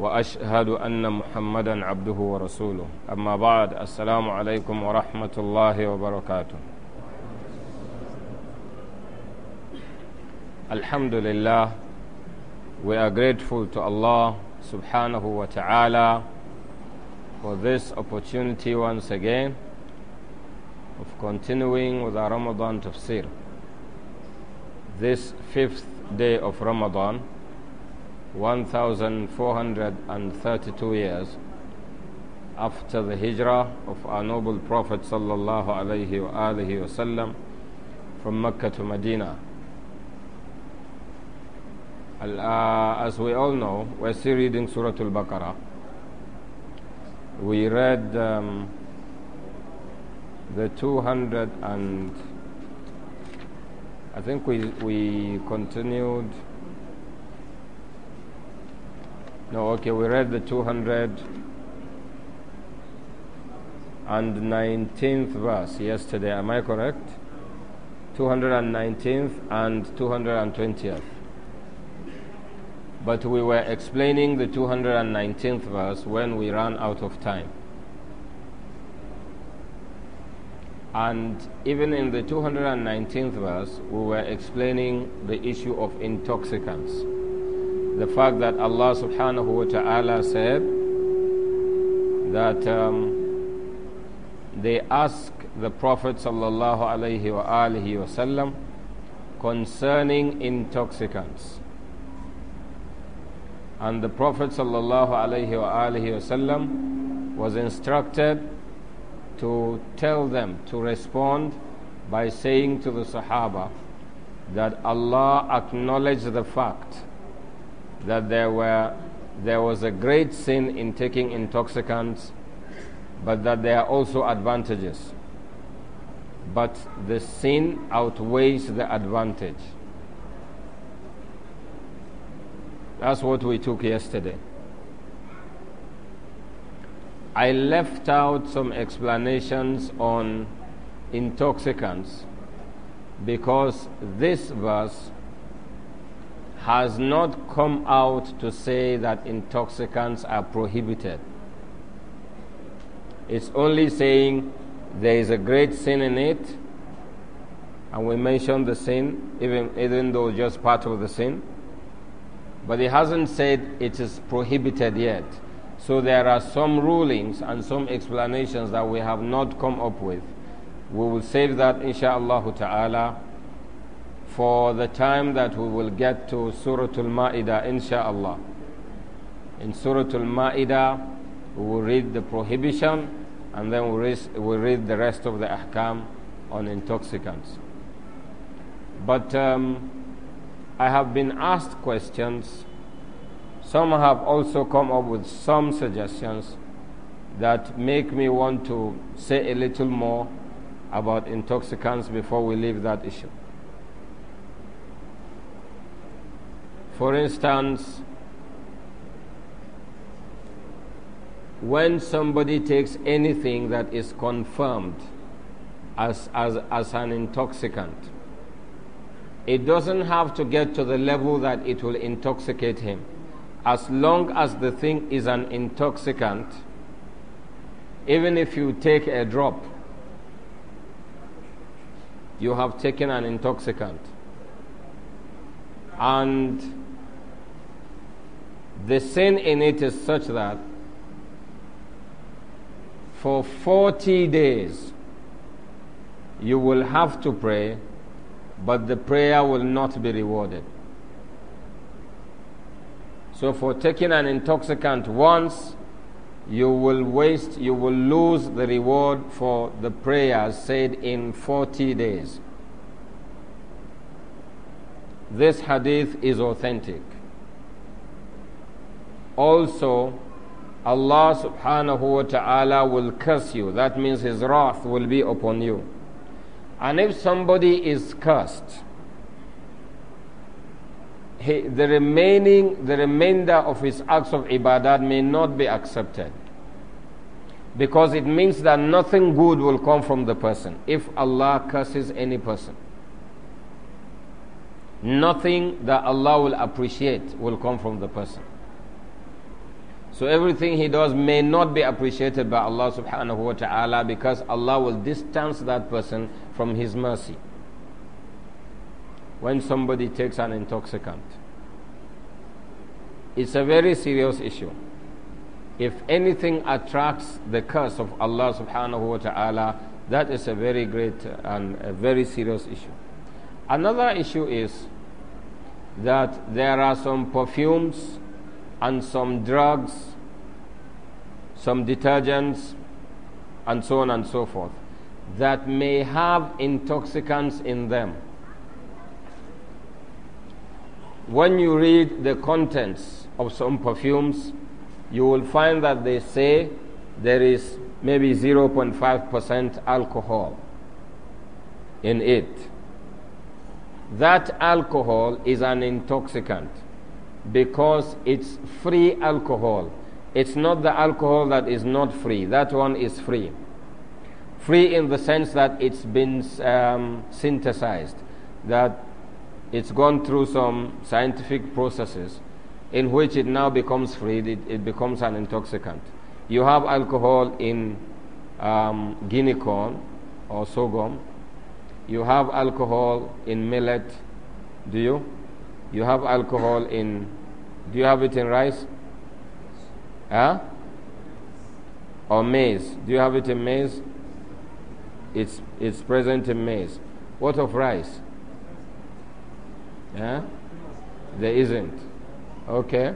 واشهد ان محمدا عبده ورسوله اما بعد السلام عليكم ورحمه الله وبركاته الحمد لله we are grateful to allah subhanahu wa ta'ala for this opportunity once again of continuing with our ramadan tafsir this fifth day of ramadan 1432 years after the hijrah of our noble Prophet sallallahu alaihi wasallam from Mecca to Medina. Uh, as we all know, we're still reading Surah Al-Baqarah. We read um, the 200 and I think we we continued no, okay, we read the 219th verse yesterday. Am I correct? 219th and 220th. But we were explaining the 219th verse when we ran out of time. And even in the 219th verse, we were explaining the issue of intoxicants the fact that Allah subhanahu wa ta'ala said that um, they ask the Prophet sallallahu alayhi wa alihi wasallam concerning intoxicants. And the Prophet sallallahu alayhi wa alihi wasallam was instructed to tell them to respond by saying to the Sahaba that Allah acknowledged the fact that there, were, there was a great sin in taking intoxicants, but that there are also advantages. But the sin outweighs the advantage. That's what we took yesterday. I left out some explanations on intoxicants because this verse has not come out to say that intoxicants are prohibited. It's only saying there is a great sin in it, and we mentioned the sin, even, even though just part of the sin. But it hasn't said it is prohibited yet. So there are some rulings and some explanations that we have not come up with. We will save that, insha'Allah ta'ala for the time that we will get to Surah Al-Ma'idah, insha'Allah. In Surah Al-Ma'idah, we will read the prohibition and then we'll read, the rest of the ahkam on intoxicants. But um, I have been asked questions. Some have also come up with some suggestions that make me want to say a little more about intoxicants before we leave that issue. For instance, when somebody takes anything that is confirmed as, as, as an intoxicant, it doesn't have to get to the level that it will intoxicate him. As long as the thing is an intoxicant, even if you take a drop, you have taken an intoxicant. And the sin in it is such that for 40 days you will have to pray, but the prayer will not be rewarded. So, for taking an intoxicant once, you will waste, you will lose the reward for the prayers said in 40 days. This hadith is authentic also Allah subhanahu wa ta'ala will curse you. That means His wrath will be upon you. And if somebody is cursed, he, the remaining, the remainder of his acts of ibadat may not be accepted. Because it means that nothing good will come from the person if Allah curses any person. Nothing that Allah will appreciate will come from the person. So everything he does may not be appreciated by Allah subhanahu wa ta'ala because Allah will distance that person from his mercy. When somebody takes an intoxicant, it's a very serious issue. If anything attracts the curse of Allah subhanahu wa ta'ala, that is a very great and a very serious issue. Another issue is that there are some perfumes and some drugs some detergents, and so on and so forth, that may have intoxicants in them. When you read the contents of some perfumes, you will find that they say there is maybe 0.5% alcohol in it. That alcohol is an intoxicant because it's free alcohol it's not the alcohol that is not free, that one is free. Free in the sense that it's been um, synthesized, that it's gone through some scientific processes in which it now becomes free, it, it becomes an intoxicant. You have alcohol in um, guinea corn or sorghum, you have alcohol in millet, do you? You have alcohol in, do you have it in rice? Huh? Or maize. Do you have it in maize? It's, it's present in maize. What of rice? Yeah, There isn't. Okay.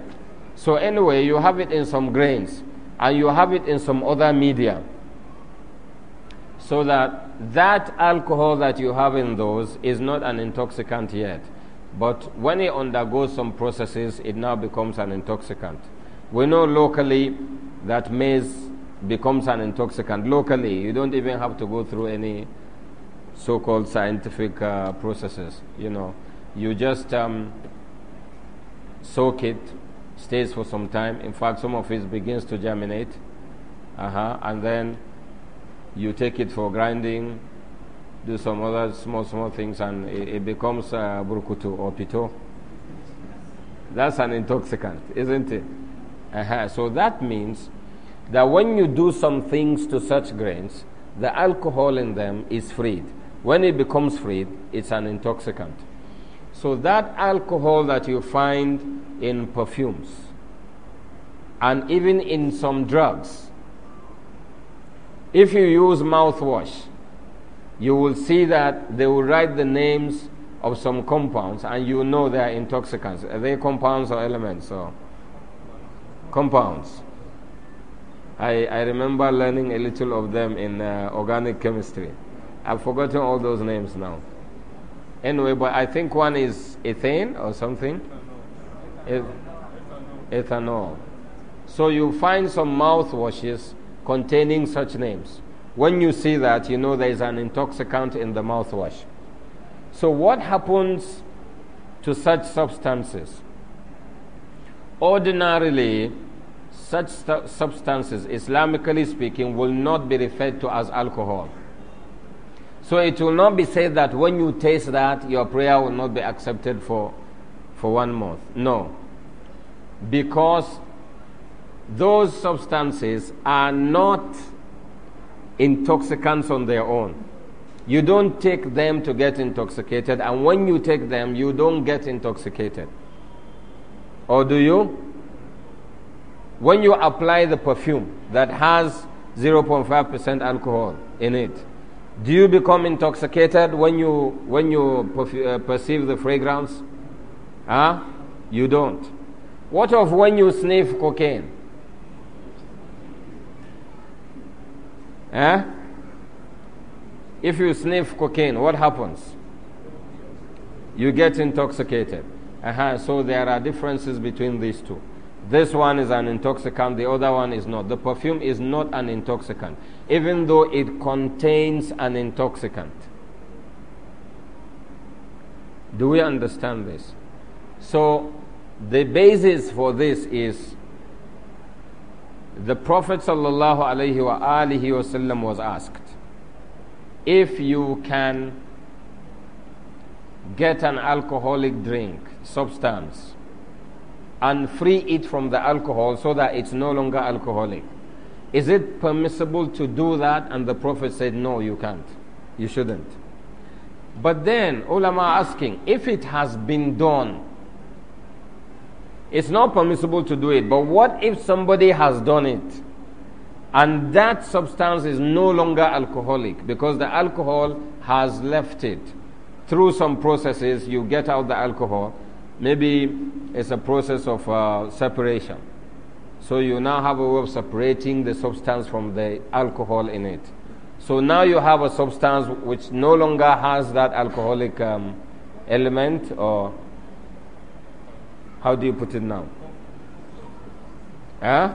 So, anyway, you have it in some grains and you have it in some other media. So that that alcohol that you have in those is not an intoxicant yet. But when it undergoes some processes, it now becomes an intoxicant. We know locally that maize becomes an intoxicant. Locally, you don't even have to go through any so called scientific uh, processes. You know, you just um, soak it, stays for some time. In fact, some of it begins to germinate. Uh-huh. And then you take it for grinding, do some other small, small things, and it, it becomes uh, burkutu or pito. That's an intoxicant, isn't it? Uh-huh. So that means that when you do some things to such grains, the alcohol in them is freed. When it becomes freed, it's an intoxicant. So that alcohol that you find in perfumes and even in some drugs, if you use mouthwash, you will see that they will write the names of some compounds and you know they are intoxicants. Are they compounds or elements? So compounds. I, I remember learning a little of them in uh, organic chemistry. I've forgotten all those names now. Anyway, but I think one is ethane or something. Ethanol. ethanol. So you find some mouthwashes containing such names. When you see that, you know there is an intoxicant in the mouthwash. So, what happens to such substances? Ordinarily, such substances, Islamically speaking, will not be referred to as alcohol. So it will not be said that when you taste that, your prayer will not be accepted for, for one month. No. Because those substances are not intoxicants on their own. You don't take them to get intoxicated, and when you take them, you don't get intoxicated. Or do you? when you apply the perfume that has 0.5% alcohol in it, do you become intoxicated when you, when you perfu- uh, perceive the fragrance? Huh? You don't. What of when you sniff cocaine? Huh? Eh? If you sniff cocaine, what happens? You get intoxicated. Uh-huh. So there are differences between these two. This one is an intoxicant, the other one is not. The perfume is not an intoxicant, even though it contains an intoxicant. Do we understand this? So, the basis for this is the Prophet wasallam was asked if you can get an alcoholic drink, substance, and free it from the alcohol so that it's no longer alcoholic. Is it permissible to do that? And the Prophet said, No, you can't. You shouldn't. But then, ulama asking, if it has been done, it's not permissible to do it, but what if somebody has done it and that substance is no longer alcoholic because the alcohol has left it? Through some processes, you get out the alcohol Maybe it's a process of uh, separation. So you now have a way of separating the substance from the alcohol in it. So now you have a substance which no longer has that alcoholic um, element, or how do you put it now? Huh?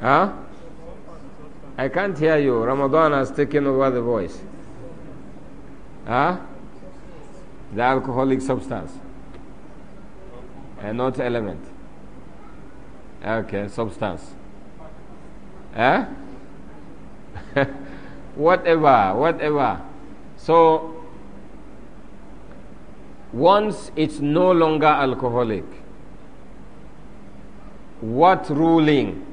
Huh? I can't hear you. Ramadan has taken over the voice. Huh? the alcoholic substance and not element. Okay, substance. Eh? whatever, whatever. So, once it's no longer alcoholic, what ruling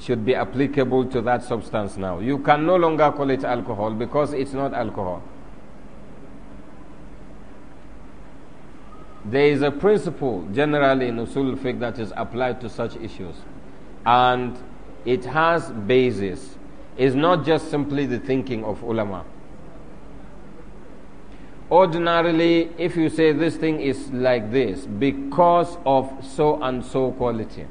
should be applicable to that substance now? You can no longer call it alcohol because it's not alcohol. There is a principle generally in usul fiqh that is applied to such issues, and it has basis. It's not just simply the thinking of ulama. Ordinarily, if you say this thing is like this because of so and so quality,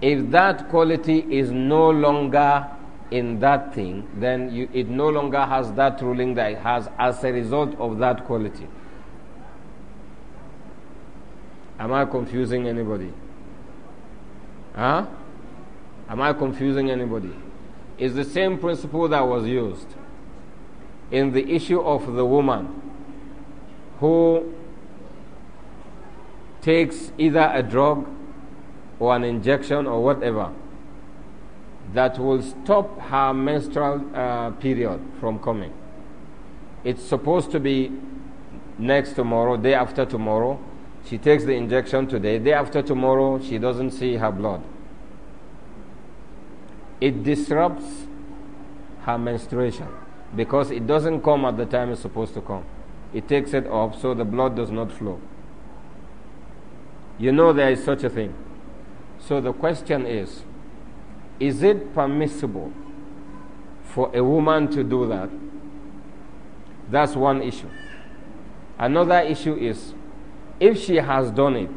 if that quality is no longer in that thing, then you, it no longer has that ruling that it has as a result of that quality. Am I confusing anybody? Huh? Am I confusing anybody? It's the same principle that was used in the issue of the woman who takes either a drug or an injection or whatever that will stop her menstrual uh, period from coming. It's supposed to be next tomorrow, day after tomorrow, she takes the injection today. Day after tomorrow, she doesn't see her blood. It disrupts her menstruation because it doesn't come at the time it's supposed to come. It takes it off so the blood does not flow. You know there is such a thing. So the question is is it permissible for a woman to do that? That's one issue. Another issue is if she has done it,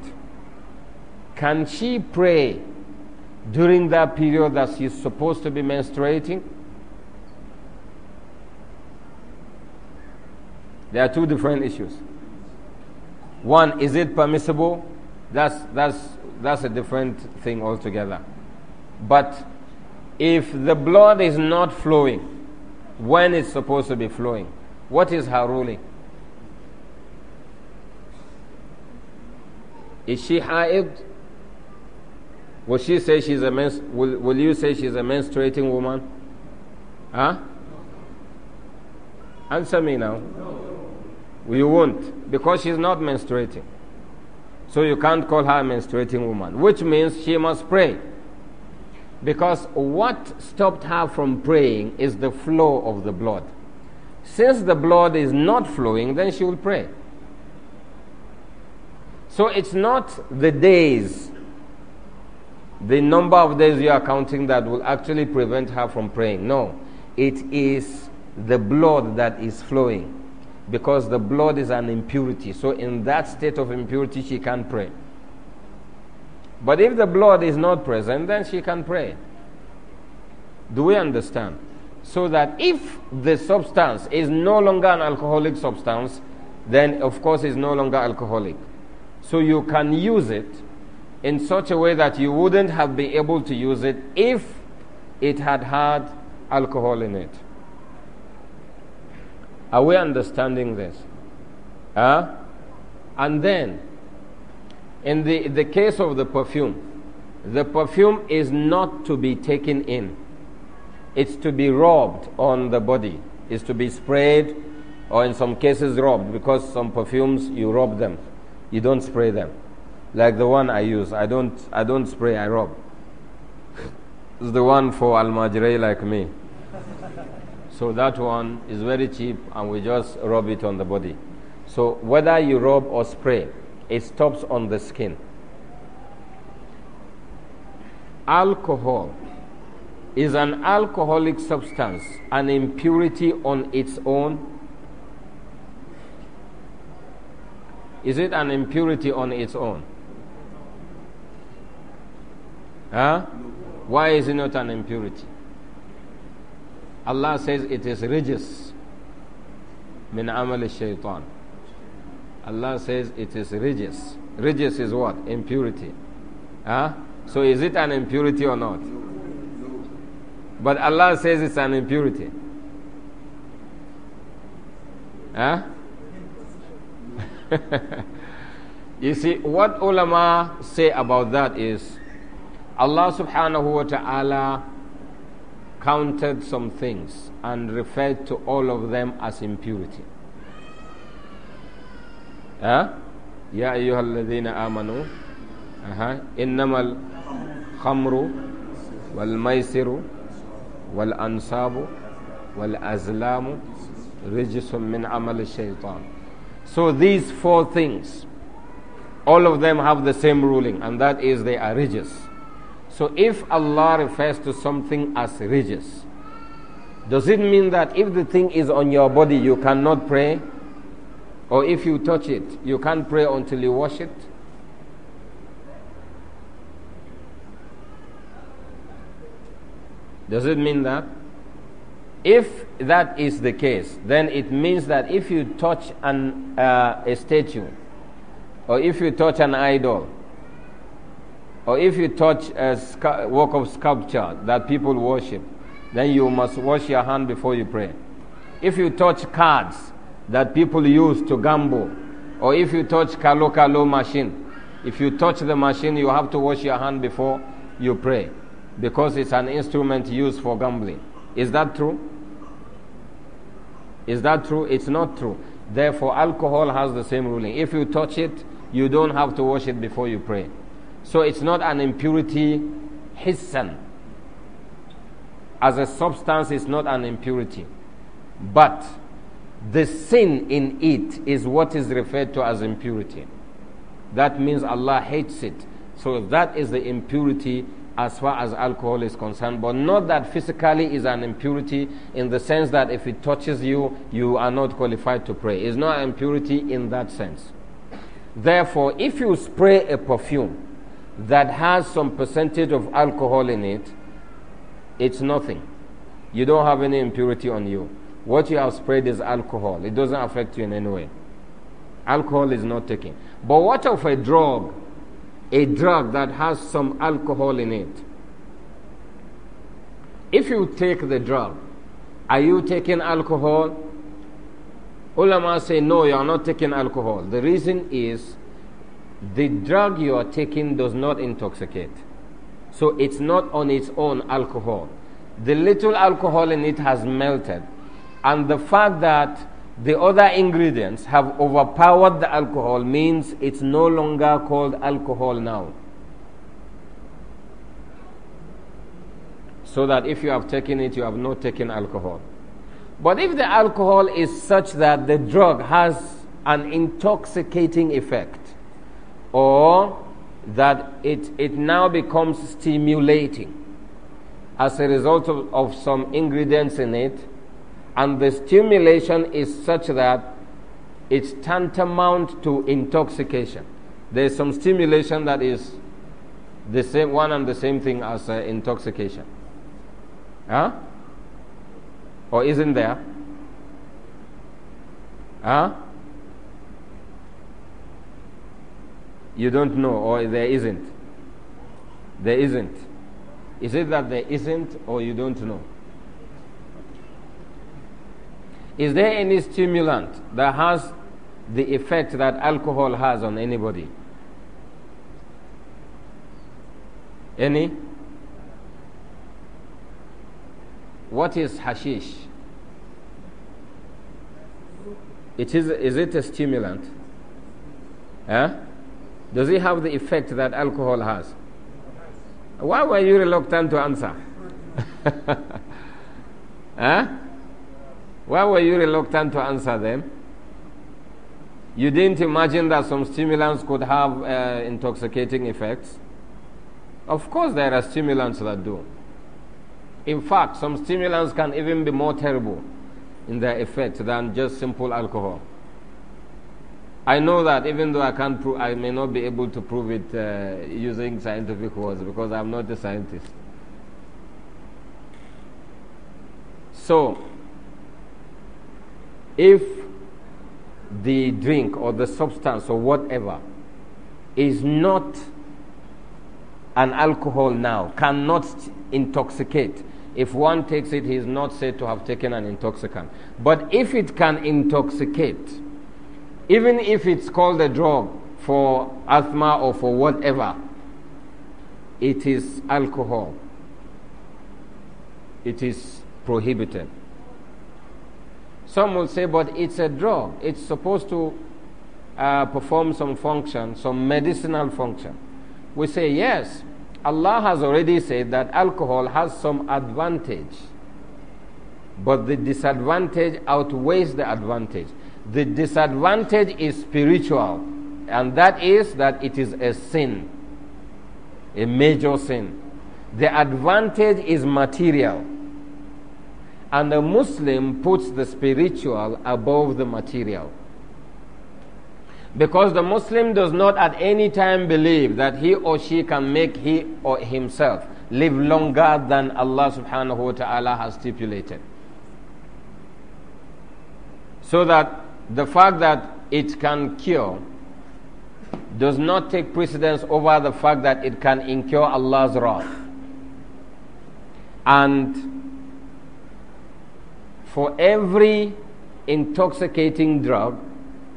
can she pray during that period that she's supposed to be menstruating? There are two different issues. One, is it permissible? That's, that's, that's a different thing altogether. But if the blood is not flowing when it's supposed to be flowing, what is her ruling? Is she ha'id? Will she say she's a mens- will, will you say she's a menstruating woman? Huh? Answer me now. No. You won't, because she's not menstruating. So you can't call her a menstruating woman, which means she must pray. Because what stopped her from praying is the flow of the blood. Since the blood is not flowing, then she will pray. So it's not the days, the number of days you are counting that will actually prevent her from praying. No, it is the blood that is flowing because the blood is an impurity. So, in that state of impurity, she can't pray. But if the blood is not present, then she can pray. Do we understand? So that if the substance is no longer an alcoholic substance, then of course it's no longer alcoholic. So you can use it in such a way that you wouldn't have been able to use it if it had had alcohol in it. Are we understanding this? Huh? And then, in the, the case of the perfume, the perfume is not to be taken in, it's to be rubbed on the body, it's to be sprayed, or in some cases, rubbed, because some perfumes you rub them you don't spray them. Like the one I use, I don't, I don't spray, I rub. It's the one for Al Majray like me. So that one is very cheap and we just rub it on the body. So whether you rub or spray, it stops on the skin. Alcohol is an alcoholic substance, an impurity on its own Is it an impurity on its own? Huh? Why is it not an impurity? Allah says it is rijis min amal shaitan. Allah says it is rijis. Rijis is what? Impurity. Huh? So is it an impurity or not? But Allah says it's an impurity. Huh? you see, what ulama say about that is Allah subhanahu wa ta'ala counted some things and referred to all of them as impurity. Huh? يا أيها الذين آمنوا أها إنما الخمر والميسر والأنصاب والأزلام رجس من عمل الشيطان so these four things, all of them have the same ruling, and that is they are rijis. So if Allah refers to something as rijis, does it mean that if the thing is on your body, you cannot pray? Or if you touch it, you can't pray until you wash it? Does it mean that? If that is the case, then it means that if you touch an, uh, a statue, or if you touch an idol, or if you touch a work of sculpture that people worship, then you must wash your hand before you pray. If you touch cards that people use to gamble, or if you touch kalo kalo machine, if you touch the machine, you have to wash your hand before you pray because it's an instrument used for gambling. Is that true? Is that true? It's not true. Therefore, alcohol has the same ruling. If you touch it, you don't have to wash it before you pray. So it's not an impurity hissan. As a substance, it's not an impurity. But the sin in it is what is referred to as impurity. That means Allah hates it. So that is the impurity, as far as alcohol is concerned, but not that physically is an impurity in the sense that if it touches you, you are not qualified to pray. It's not impurity in that sense. Therefore, if you spray a perfume that has some percentage of alcohol in it, it's nothing. You don't have any impurity on you. What you have sprayed is alcohol, it doesn't affect you in any way. Alcohol is not taken. But what of a drug a drug that has some alcohol in it. If you take the drug, are you taking alcohol? Ulama say, no, you are not taking alcohol. The reason is the drug you are taking does not intoxicate. So it's not on its own alcohol. The little alcohol in it has melted. And the fact that the other ingredients have overpowered the alcohol means it's no longer called alcohol now. So that if you have taken it, you have not taken alcohol. But if the alcohol is such that the drug has an intoxicating effect, or that it, it now becomes stimulating as a result of, of some ingredients in it, and the stimulation is such that it's tantamount to intoxication. There's some stimulation that is the same one and the same thing as uh, intoxication. Huh? Or isn't there? Huh? You don't know, or there isn't. There isn't. Is it that there isn't, or you don't know? Is there any stimulant that has the effect that alcohol has on anybody? Any? What is hashish? It is, is it a stimulant? Huh? Does it have the effect that alcohol has? Why were you reluctant to answer? huh? Why were you reluctant to answer them? You didn't imagine that some stimulants could have uh, intoxicating effects? Of course, there are stimulants that do. In fact, some stimulants can even be more terrible in their effect than just simple alcohol. I know that even though I can't I may not be able to prove it uh, using scientific words because I'm not a scientist. So, if the drink or the substance or whatever is not an alcohol now, cannot intoxicate. If one takes it, he is not said to have taken an intoxicant. But if it can intoxicate, even if it's called a drug for asthma or for whatever, it is alcohol. It is prohibited. Some will say, but it's a drug. It's supposed to uh, perform some function, some medicinal function. We say, yes, Allah has already said that alcohol has some advantage, but the disadvantage outweighs the advantage. The disadvantage is spiritual, and that is that it is a sin, a major sin. The advantage is material and the Muslim puts the spiritual above the material. Because the Muslim does not at any time believe that he or she can make he or himself live longer than Allah subhanahu wa ta'ala has stipulated. So that the fact that it can cure does not take precedence over the fact that it can incur Allah's wrath. And for every intoxicating drug,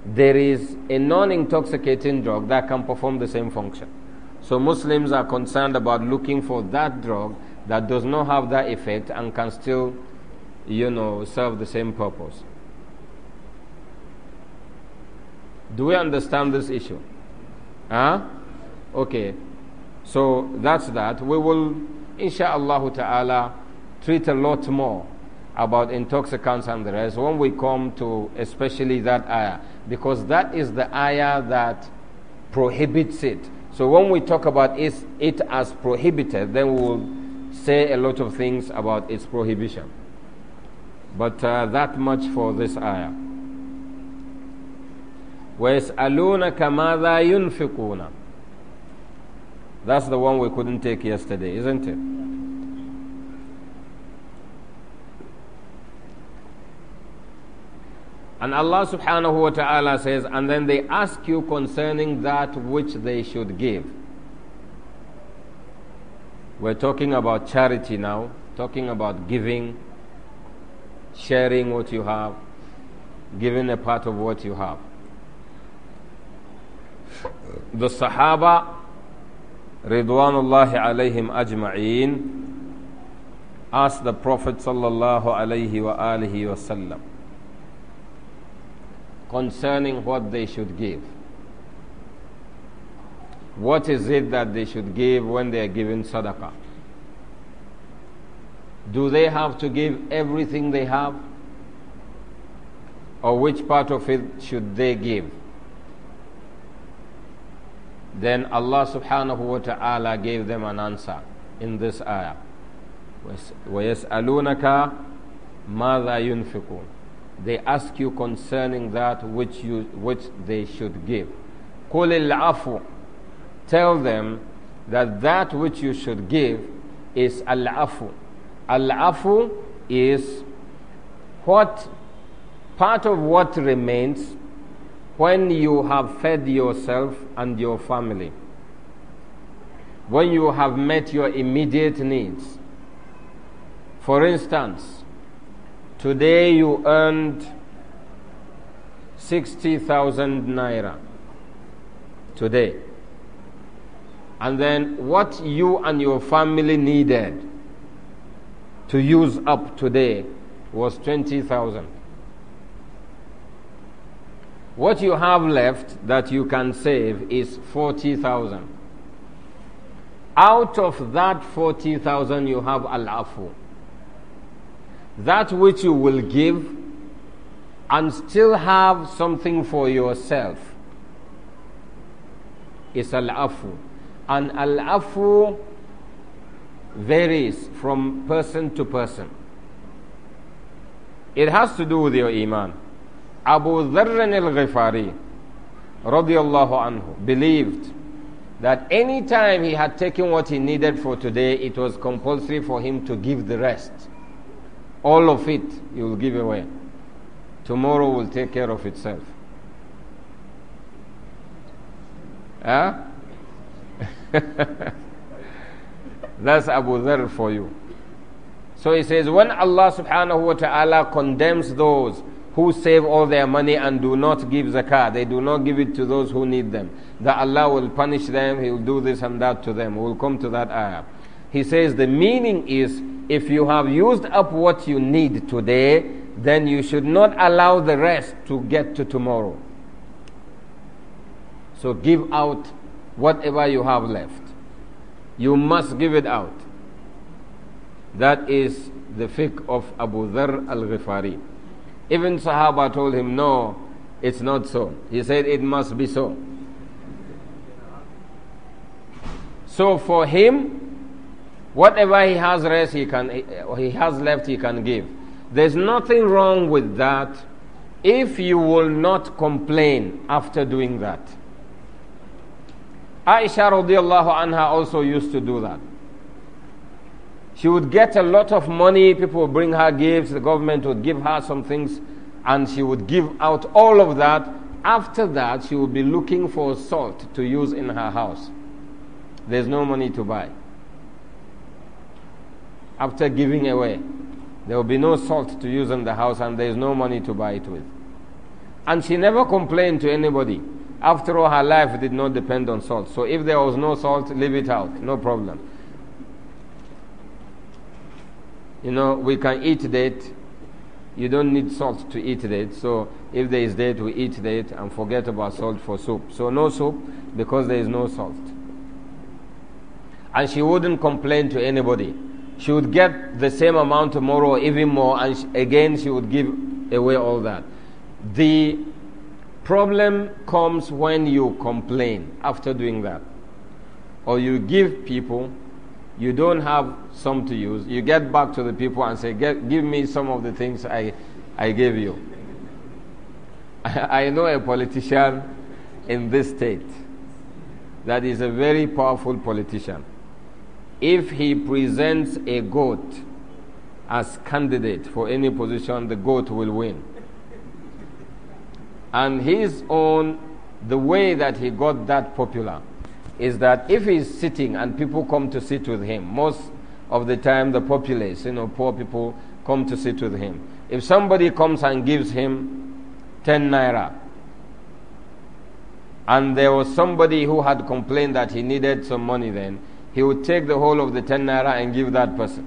there is a non intoxicating drug that can perform the same function. So Muslims are concerned about looking for that drug that does not have that effect and can still, you know, serve the same purpose. Do we understand this issue? Huh? Okay. So that's that. We will, inshallah ta'ala, treat a lot more about intoxicants and the rest when we come to especially that ayah because that is the ayah that prohibits it so when we talk about it, it as prohibited then we'll say a lot of things about its prohibition but uh, that much for this ayah وَيَسْأَلُونَكَ مَاذَا يُنْفِقُونَ That's the one we couldn't take yesterday, isn't it? And Allah subhanahu wa ta'ala says, and then they ask you concerning that which they should give. We're talking about charity now, talking about giving, sharing what you have, giving a part of what you have. The Sahaba, Ridwanullahi alayhim ajma'een, asked the Prophet sallallahu alayhi wa alihi wa sallam, concerning what they should give. What is it that they should give when they are giving sadaqah? Do they have to give everything they have? Or which part of it should they give? Then Allah subhanahu wa ta'ala gave them an answer in this ayah. وَيَسْأَلُونَكَ مَاذَا يُنْفِقُونَ they ask you concerning that which, you, which they should give. قُلِ الْعَفُوَ Tell them that that which you should give is al-afu. Al-afu is what part of what remains when you have fed yourself and your family, when you have met your immediate needs. For instance, Today you earned 60,000 naira. Today. And then what you and your family needed to use up today was 20,000. What you have left that you can save is 40,000. Out of that 40,000, you have al afu that which you will give and still have something for yourself is al afu. And al afu varies from person to person. It has to do with your iman. Abu Dharr al-Ghifari radiallahu anhu believed that any time he had taken what he needed for today, it was compulsory for him to give the rest. All of it you'll give away. Tomorrow will take care of itself. Huh? That's Abu Dharr for you. So he says, when Allah subhanahu wa ta'ala condemns those who save all their money and do not give zakah, they do not give it to those who need them, that Allah will punish them, He will do this and that to them. We'll come to that ayah. He says, the meaning is if you have used up what you need today, then you should not allow the rest to get to tomorrow. So give out whatever you have left. You must give it out. That is the fiqh of Abu Dhar al Ghifari. Even Sahaba told him, No, it's not so. He said, It must be so. So for him, Whatever he has rest, he can he has left, he can give. There's nothing wrong with that if you will not complain after doing that. Aisha radiallahu anha also used to do that. She would get a lot of money, people would bring her gifts, the government would give her some things, and she would give out all of that. After that, she would be looking for salt to use in her house. There's no money to buy after giving away. There will be no salt to use in the house, and there is no money to buy it with. And she never complained to anybody. After all, her life did not depend on salt. So if there was no salt, leave it out. No problem. You know, we can eat date. You don't need salt to eat date. So if there is date, we eat date and forget about salt for soup. So no soup because there is no salt. And she wouldn't complain to anybody she would get the same amount tomorrow, even more, and again she would give away all that. The problem comes when you complain after doing that, or you give people, you don't have some to use, you get back to the people and say, Give me some of the things I, I gave you. I, I know a politician in this state that is a very powerful politician if he presents a goat as candidate for any position, the goat will win. And his own, the way that he got that popular is that if he's sitting and people come to sit with him, most of the time the populace, you know, poor people come to sit with him. If somebody comes and gives him 10 naira, and there was somebody who had complained that he needed some money then, he would take the whole of the 10 naira and give that person.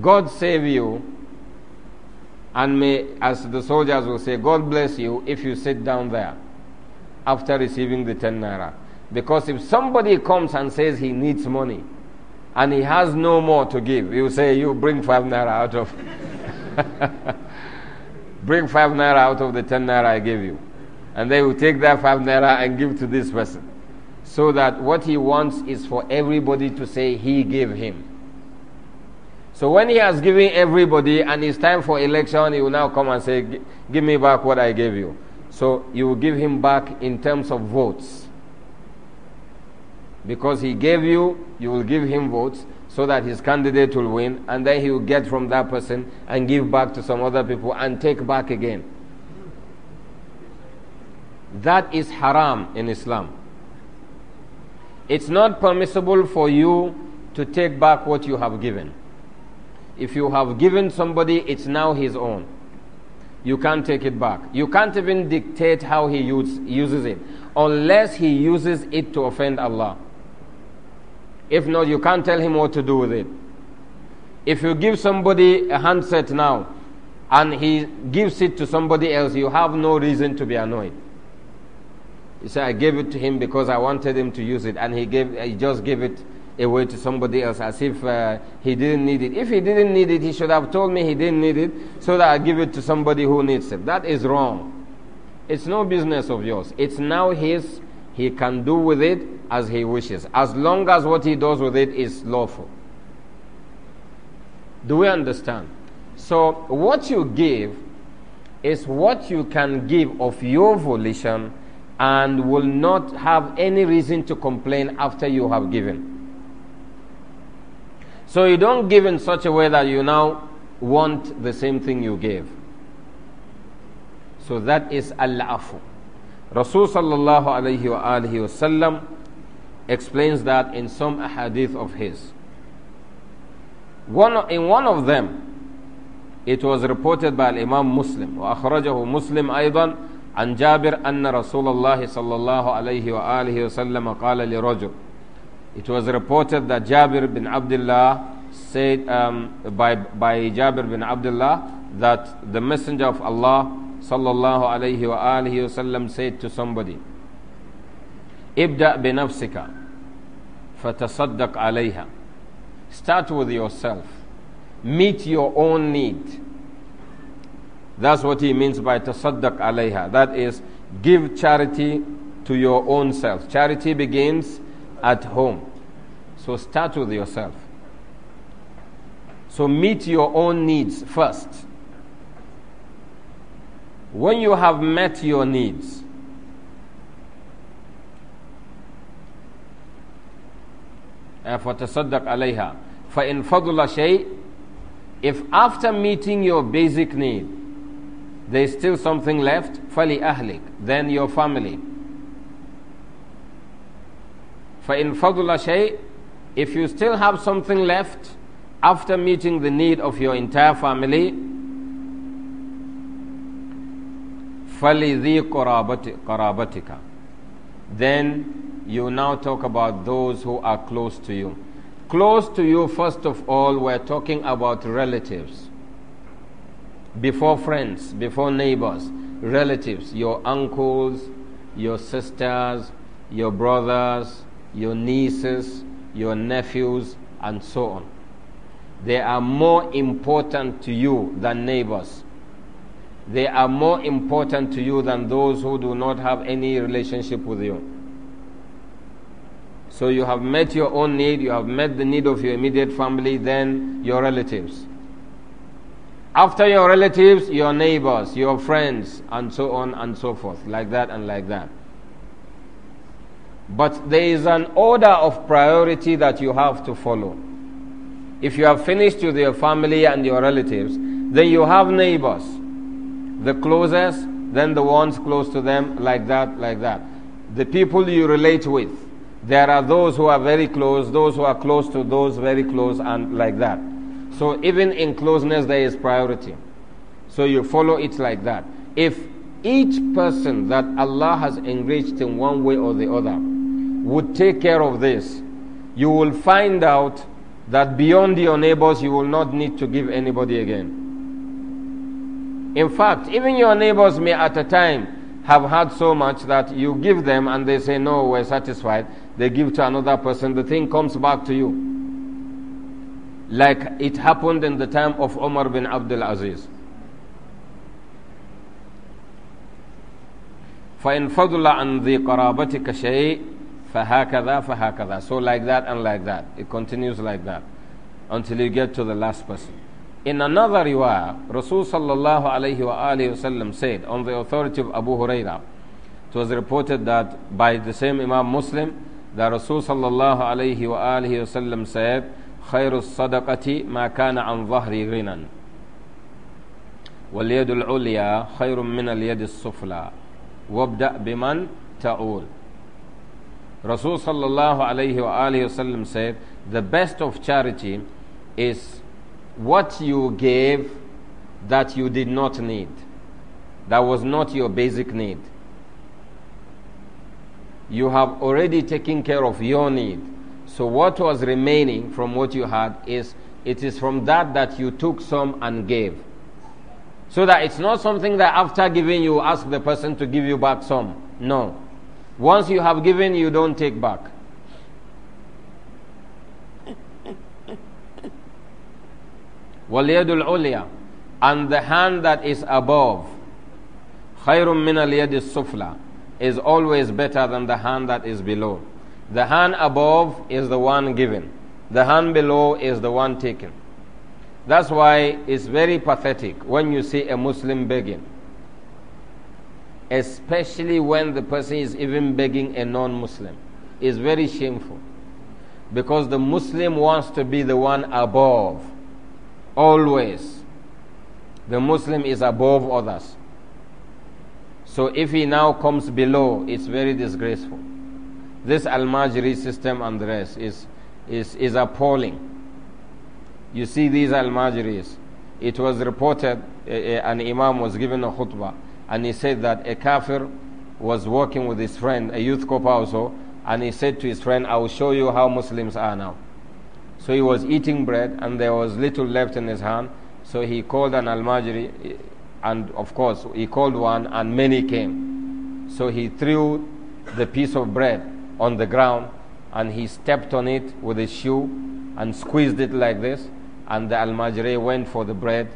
God save you, and may, as the soldiers will say, God bless you if you sit down there after receiving the 10 naira. Because if somebody comes and says he needs money and he has no more to give, you say, You bring 5 naira out of. bring 5 naira out of the 10 naira I gave you. And they will take that 5 naira and give to this person so that what he wants is for everybody to say he gave him. So when he has given everybody and it's time for election, he will now come and say, Give me back what I gave you. So you will give him back in terms of votes. Because he gave you, you will give him votes so that his candidate will win, and then he will get from that person and give back to some other people and take back again. That is haram in Islam. It's not permissible for you to take back what you have given. If you have given somebody, it's now his own. You can't take it back. You can't even dictate how he use, uses it unless he uses it to offend Allah. If not, you can't tell him what to do with it. If you give somebody a handset now and he gives it to somebody else, you have no reason to be annoyed. He said, I gave it to him because I wanted him to use it, and he, gave, he just gave it away to somebody else as if uh, he didn't need it. If he didn't need it, he should have told me he didn't need it so that I give it to somebody who needs it. That is wrong. It's no business of yours. It's now his. He can do with it as he wishes, as long as what he does with it is lawful. Do we understand? So, what you give is what you can give of your volition and will not have any reason to complain after you have given. So you don't give in such a way that you now want the same thing you gave. So that is al-afu. Rasul sallallahu alayhi wa alihi wasallam explains that in some hadith of his. One, in one of them, it was reported by Imam Muslim, وأخرجه Muslim أيضا عن جابر أن رسول الله صلى الله عليه وآله وسلم قال لرجل It was reported that Jabir bin Abdullah said um, by, by Jabir bin Abdullah that the messenger of Allah صلى الله عليه وآله وسلم said to somebody ابدأ بنفسك فتصدق عليها start with yourself meet your own need That's what he means by tasaddaq alayha. That is, give charity to your own self. Charity begins at home. So start with yourself. So meet your own needs first. When you have met your needs, فتصدق عليها فإن فضل شيء if after meeting your basic need there is still something left, fali ahlik, then your family. فَإِنْ فَضُلَ شَيْءٍ If you still have something left after meeting the need of your entire family, فَلِذِي قَرَابَتِكَ Then you now talk about those who are close to you. Close to you, first of all, we're talking about relatives before friends, before neighbors, relatives, your uncles, your sisters, your brothers, your nieces, your nephews, and so on. They are more important to you than neighbors. They are more important to you than those who do not have any relationship with you. So you have met your own need, you have met the need of your immediate family, then your relatives. After your relatives, your neighbors, your friends, and so on and so forth, like that and like that. But there is an order of priority that you have to follow. If you have finished with your family and your relatives, then you have neighbors. The closest, then the ones close to them, like that, like that. The people you relate with. There are those who are very close, those who are close to those very close, and like that. So even in closeness, there is priority. So you follow it like that. If each person that Allah has enriched in one way or the other would take care of this, you will find out that beyond your neighbors, you will not need to give anybody again. In fact, even your neighbors may at a time have had so much that you give them and they say, No, we're satisfied. They give to another person, the thing comes back to you like it happened in the time of Omar bin Abdul Aziz. فإن فضل عن ذي قرابتك شيء فهكذا فهكذا so like that and like that it continues like that until you get to the last person in another riwayah Rasul sallallahu alayhi wa alihi said on the authority of Abu Huraira it was reported that by the same Imam Muslim that Rasul sallallahu alayhi wa alihi said خير الصدقة ما كان عن ظهر غنى واليد العليا خير من اليد السفلى وابدأ بمن ta'ul. رسول sallallahu alayhi wa alayhi said, the best of charity is what you gave that you did not need, that was not your basic need. You have already taken care of your need. So, what was remaining from what you had is it is from that that you took some and gave. So that it's not something that after giving you ask the person to give you back some. No. Once you have given, you don't take back. Waliyadul uliya. And the hand that is above, khayrun min al sufla, is always better than the hand that is below. The hand above is the one given, the hand below is the one taken. That's why it's very pathetic when you see a Muslim begging, especially when the person is even begging a non Muslim. It's very shameful because the Muslim wants to be the one above, always. The Muslim is above others. So if he now comes below, it's very disgraceful. This Al-Majri system and the rest is, is, is appalling. You see these al It was reported uh, an imam was given a khutbah and he said that a kafir was walking with his friend, a youth cop also, and he said to his friend, I will show you how Muslims are now. So he was eating bread and there was little left in his hand. So he called an Almajri eh, and of course he called one and many came. So he threw the piece of bread on the ground and he stepped on it with his shoe and squeezed it like this. And the Almajri went for the bread,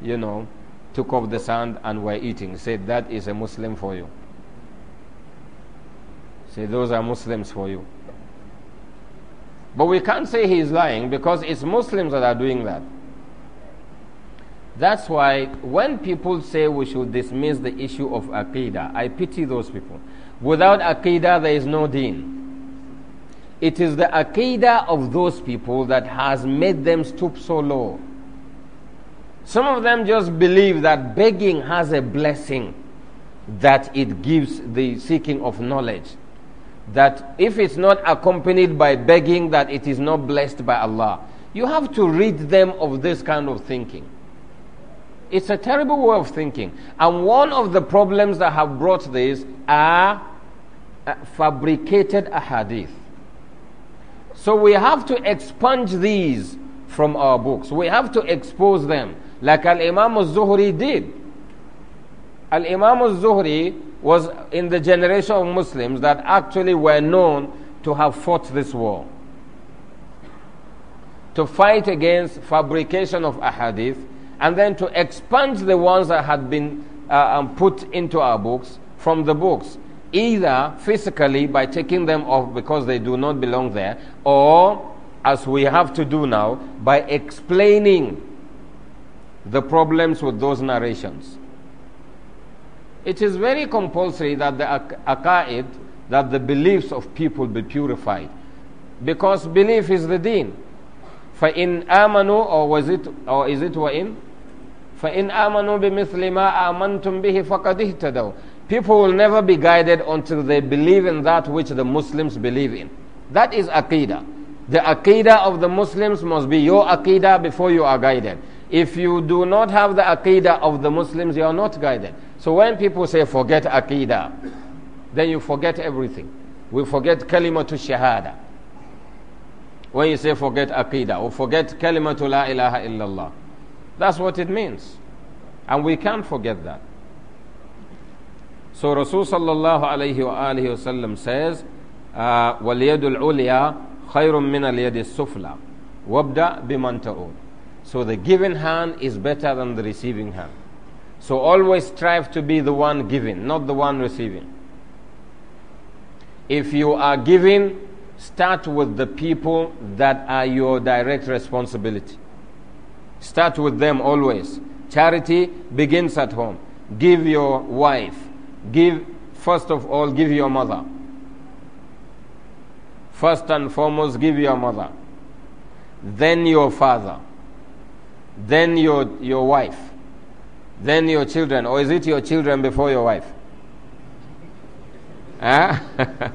you know, took off the sand and were eating. Said, That is a Muslim for you. Say, Those are Muslims for you. But we can't say he is lying because it's Muslims that are doing that. That's why when people say we should dismiss the issue of Aqidah, I pity those people. Without aqidah, there is no deen. It is the aqidah of those people that has made them stoop so low. Some of them just believe that begging has a blessing, that it gives the seeking of knowledge. That if it's not accompanied by begging, that it is not blessed by Allah. You have to rid them of this kind of thinking. It's a terrible way of thinking. And one of the problems that have brought this are uh, fabricated ahadith. So we have to expunge these from our books. We have to expose them, like Al Imam al Zuhri did. Al Imam al Zuhri was in the generation of Muslims that actually were known to have fought this war. To fight against fabrication of ahadith and then to expunge the ones that had been uh, um, put into our books from the books either physically by taking them off because they do not belong there, or as we have to do now, by explaining the problems with those narrations. It is very compulsory that the aqa'id, that the beliefs of people be purified. Because belief is the deen. فَإِنْ آمَنُوا or was it or is it وَإِنْ فَإِنْ آمَنُوا بِمِثْلِ مَا آمَنْتُمْ بِهِ فَقَدْ People will never be guided until they believe in that which the Muslims believe in. That is Aqidah. The Aqidah of the Muslims must be your Aqidah before you are guided. If you do not have the Aqidah of the Muslims, you are not guided. So when people say forget Aqidah, then you forget everything. We forget kalimatul Shahada. When you say forget Aqidah or forget kalimatul La ilaha illallah, that's what it means. And we can't forget that. So Rasulullah sallallahu alayhi wa alihi wasallam says, وَالْيَدُ الْعُلْيَا خَيْرٌ مِّنَ الْيَدِ السُّفْلَى وَابْدَأْ بِمَنْ تَعُودُ So the giving hand is better than the receiving hand. So always strive to be the one giving, not the one receiving. If you are giving, start with the people that are your direct responsibility. Start with them always. Charity begins at home. Give your wife, Give, first of all, give your mother. First and foremost, give your mother. Then your father. Then your, your wife. Then your children. Or is it your children before your wife? Ah,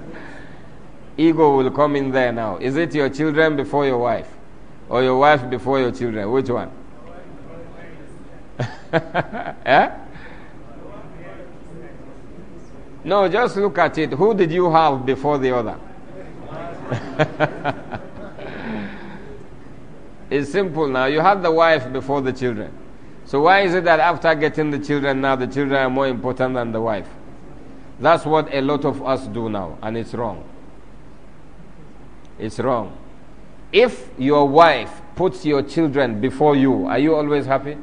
Ego will come in there now. Is it your children before your wife? Or your wife before your children? Which one? Yeah. No, just look at it. Who did you have before the other? it's simple now. You had the wife before the children. So why is it that after getting the children now, the children are more important than the wife? That's what a lot of us do now, and it's wrong. It's wrong. If your wife puts your children before you, are you always happy?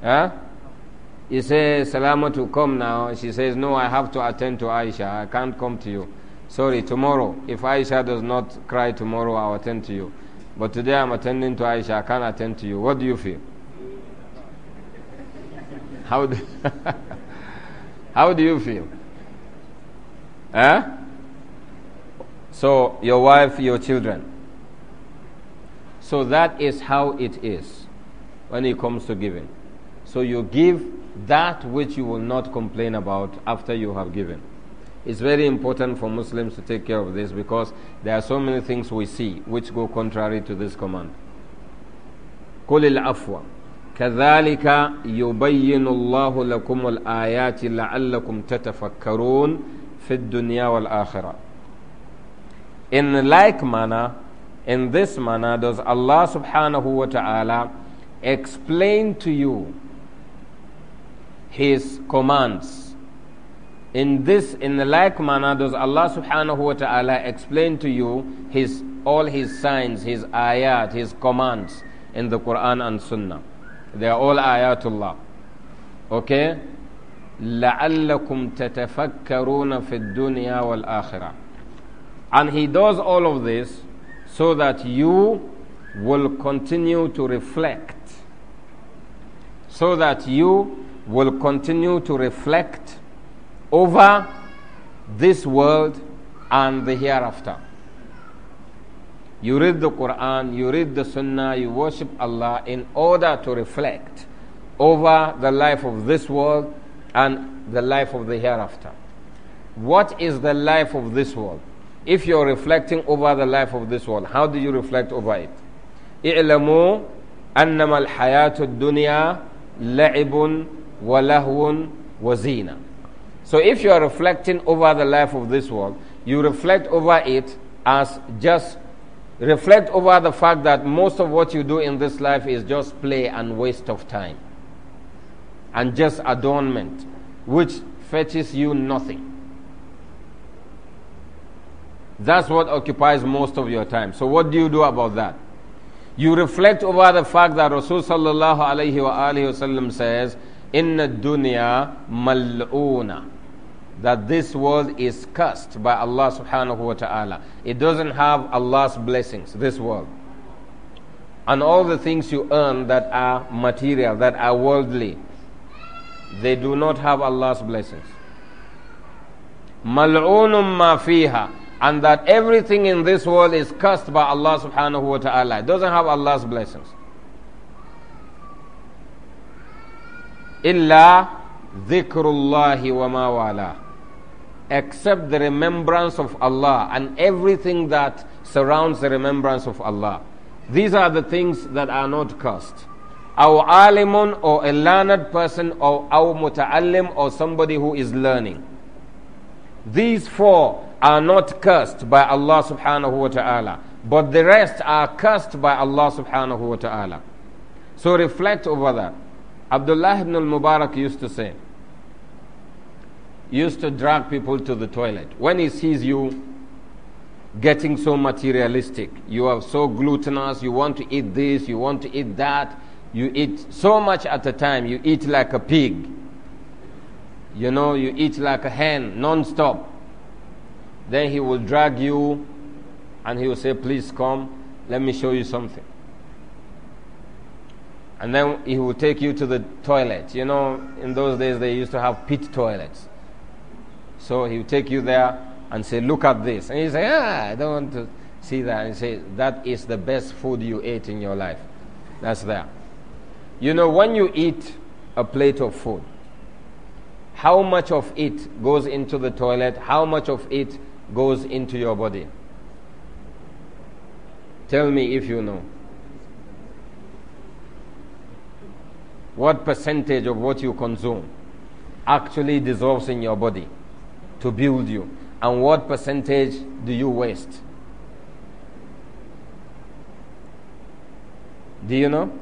Huh? He says, Salama to come now. She says, No, I have to attend to Aisha. I can't come to you. Sorry, tomorrow. If Aisha does not cry tomorrow, I'll attend to you. But today I'm attending to Aisha. I can't attend to you. What do you feel? How do, how do you feel? Eh? So, your wife, your children. So, that is how it is when it comes to giving. So, you give that which you will not complain about after you have given. It's very important for Muslims to take care of this because there are so many things we see which go contrary to this command. كذلك يبين الله لكم الآيات لعلكم تتفكرون في الدنيا والآخرة In like manner, in this manner does Allah subhanahu wa ta'ala explain to you his commands. In this, in the like manner, does Allah subhanahu wa ta'ala explain to you his, all his signs, his ayat, his commands in the Quran and Sunnah. They are all ayatullah. Okay? لعلكم تتفكرون في الدنيا والآخرة and he does all of this so that you will continue to reflect so that you will continue to reflect over this world and the hereafter. You read the Quran, you read the Sunnah, you worship Allah in order to reflect over the life of this world and the life of the hereafter. What is the life of this world? If you're reflecting over the life of this world, how do you reflect over it? اعلموا أنما الحياة الدنيا لعب walahun wazina. So if you are reflecting over the life of this world, you reflect over it as just reflect over the fact that most of what you do in this life is just play and waste of time and just adornment, which fetches you nothing. That's what occupies most of your time. So, what do you do about that? You reflect over the fact that Rasulullah sallallahu alayhi wa says, in dunya mal'una that this world is cursed by Allah subhanahu wa ta'ala. It doesn't have Allah's blessings, this world. And all the things you earn that are material, that are worldly, they do not have Allah's blessings. Mal'unum ma fiha. And that everything in this world is cursed by Allah subhanahu wa ta'ala. It doesn't have Allah's blessings. illa dhikrullahi wa ma wala. Except the remembrance of Allah and everything that surrounds the remembrance of Allah. These are the things that are not cursed. Our alimun or a learned person or our muta'allim or somebody who is learning. These four are not cursed by Allah subhanahu wa ta'ala, but the rest are cursed by Allah subhanahu wa ta'ala. So reflect over that. Abdullah ibn al-Mubarak used to say, used to drag people to the toilet. When he sees you getting so materialistic, you are so gluttonous, you want to eat this, you want to eat that, you eat so much at a time, you eat like a pig. You know, you eat like a hen non-stop. Then he will drag you and he will say, please come, let me show you something and then he will take you to the toilet. You know, in those days they used to have pit toilets. So he will take you there and say, Look at this. And you say, Ah, I don't want to see that. And say, That is the best food you ate in your life. That's there. You know, when you eat a plate of food, how much of it goes into the toilet, how much of it goes into your body? Tell me if you know. What percentage of what you consume actually dissolves in your body to build you? And what percentage do you waste? Do you know?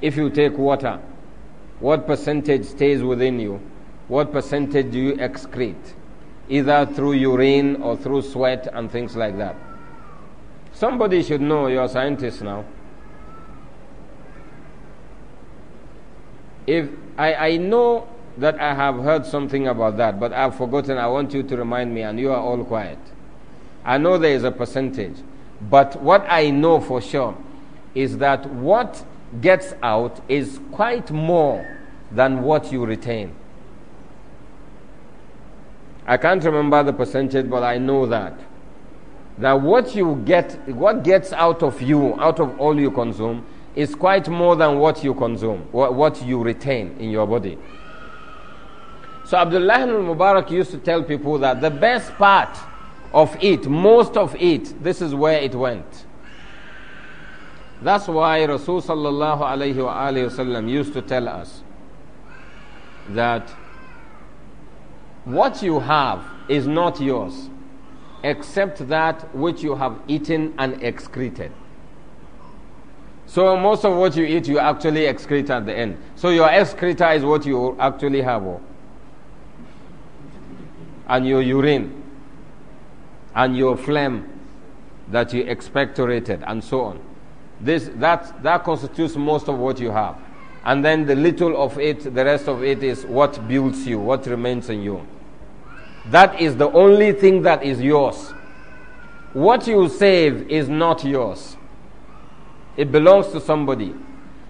If you take water, what percentage stays within you? What percentage do you excrete? Either through urine or through sweat and things like that. Somebody should know, you're a scientist now. If I, I know that I have heard something about that, but I've forgotten, I want you to remind me, and you are all quiet. I know there is a percentage, but what I know for sure is that what gets out is quite more than what you retain. I can't remember the percentage, but I know that. That what you get, what gets out of you, out of all you consume, is quite more than what you consume, what you retain in your body. So Abdullah Al Mubarak used to tell people that the best part of it, most of it, this is where it went. That's why Rasulullah sallallahu alayhi wa used to tell us that what you have is not yours except that which you have eaten and excreted. So most of what you eat, you actually excrete at the end. So your excreta is what you actually have. Oh. And your urine. And your phlegm that you expectorated and so on. This, that, that constitutes most of what you have. And then the little of it, the rest of it is what builds you, what remains in you. That is the only thing that is yours. What you save is not yours. It belongs to somebody.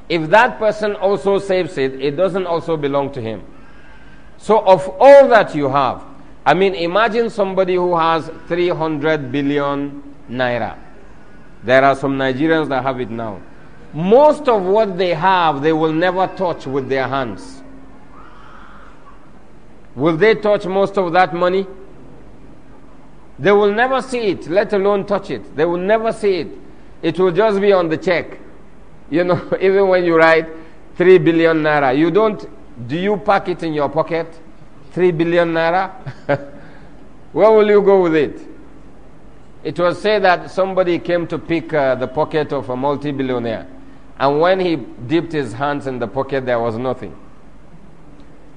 If that person also saves it, it doesn't also belong to him. So, of all that you have, I mean, imagine somebody who has 300 billion naira. There are some Nigerians that have it now. Most of what they have, they will never touch with their hands. Will they touch most of that money? They will never see it, let alone touch it. They will never see it. It will just be on the check. You know, even when you write 3 billion naira, you don't, do you pack it in your pocket? 3 billion naira? Where will you go with it? It was said that somebody came to pick uh, the pocket of a multi billionaire, and when he dipped his hands in the pocket, there was nothing.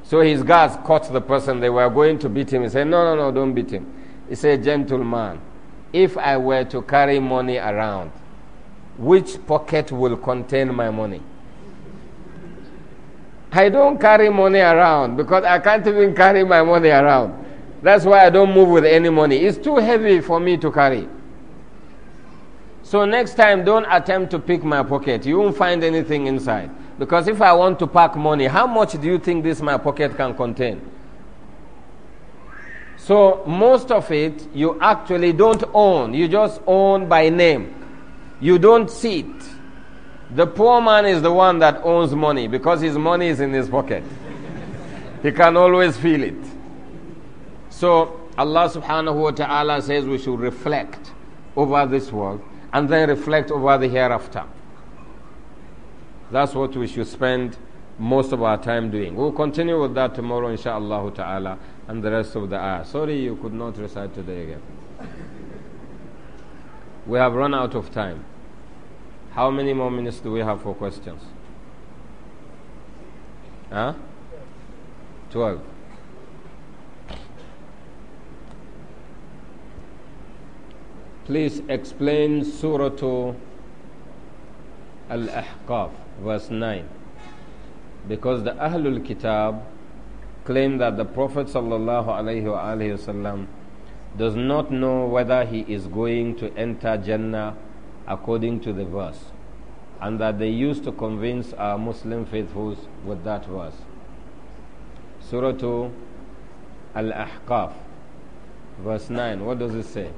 So his guards caught the person. They were going to beat him. He said, No, no, no, don't beat him. He said, Gentleman, if I were to carry money around, which pocket will contain my money. I don't carry money around because I can't even carry my money around. That's why I don't move with any money. It's too heavy for me to carry. So next time, don't attempt to pick my pocket. You won't find anything inside. Because if I want to pack money, how much do you think this my pocket can contain? So most of it you actually don't own. You just own by name. You don't see it. The poor man is the one that owns money because his money is in his pocket. he can always feel it. So Allah subhanahu wa ta'ala says we should reflect over this world and then reflect over the hereafter. That's what we should spend most of our time doing. We'll continue with that tomorrow, insha'Allah ta'ala, and the rest of the ayah. Sorry you could not recite today again. We have run out of time. How many more minutes do we have for questions? Huh? Twelve. Please explain Surah Al-Ahqaf, verse 9. Because the Ahlul Kitab claim that the Prophet does not know whether he is going to enter Jannah according to the verse, and that they used to convince our Muslim faithfuls with that verse. Surah Al Ahqaf, verse 9. What does it say?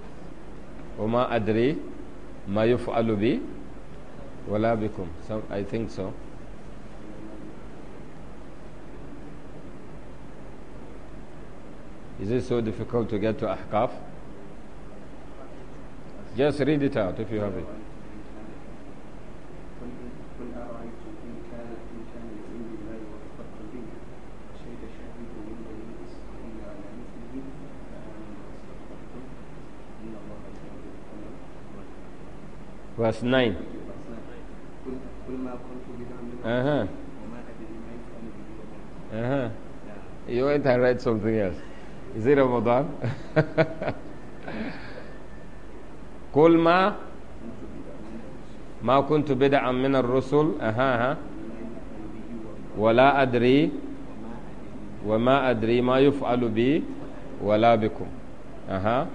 وما Adri, ما يفعل بي ولا بكم. Some, I think so. Is it so difficult to get to Ahqaf? Just read it out if you have it. Verse 9. Uh huh. Uh huh. You went and read something else. Is it Ramadan? قل ما ما كنت بدعا من الرسل أها أها ولا أدري وما أدري ما يفعل بي ولا بكم أها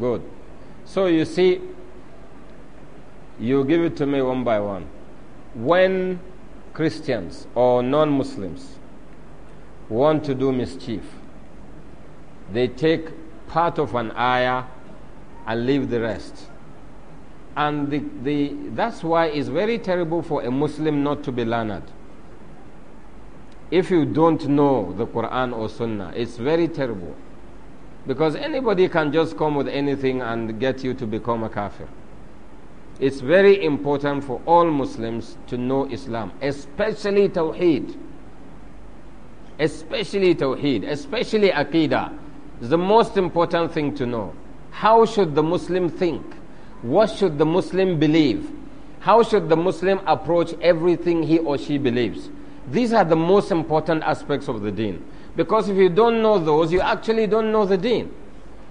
good so you see you give it to me one by one when Christians or non-Muslims want to do mischief they take part of an ayah and leave the rest. And the, the, that's why it's very terrible for a Muslim not to be learned. If you don't know the Quran or Sunnah, it's very terrible. Because anybody can just come with anything and get you to become a kafir. It's very important for all Muslims to know Islam, especially Tawheed. Especially Tawheed, especially Aqidah. It's the most important thing to know. How should the Muslim think? What should the Muslim believe? How should the Muslim approach everything he or she believes? These are the most important aspects of the deen. Because if you don't know those, you actually don't know the deen.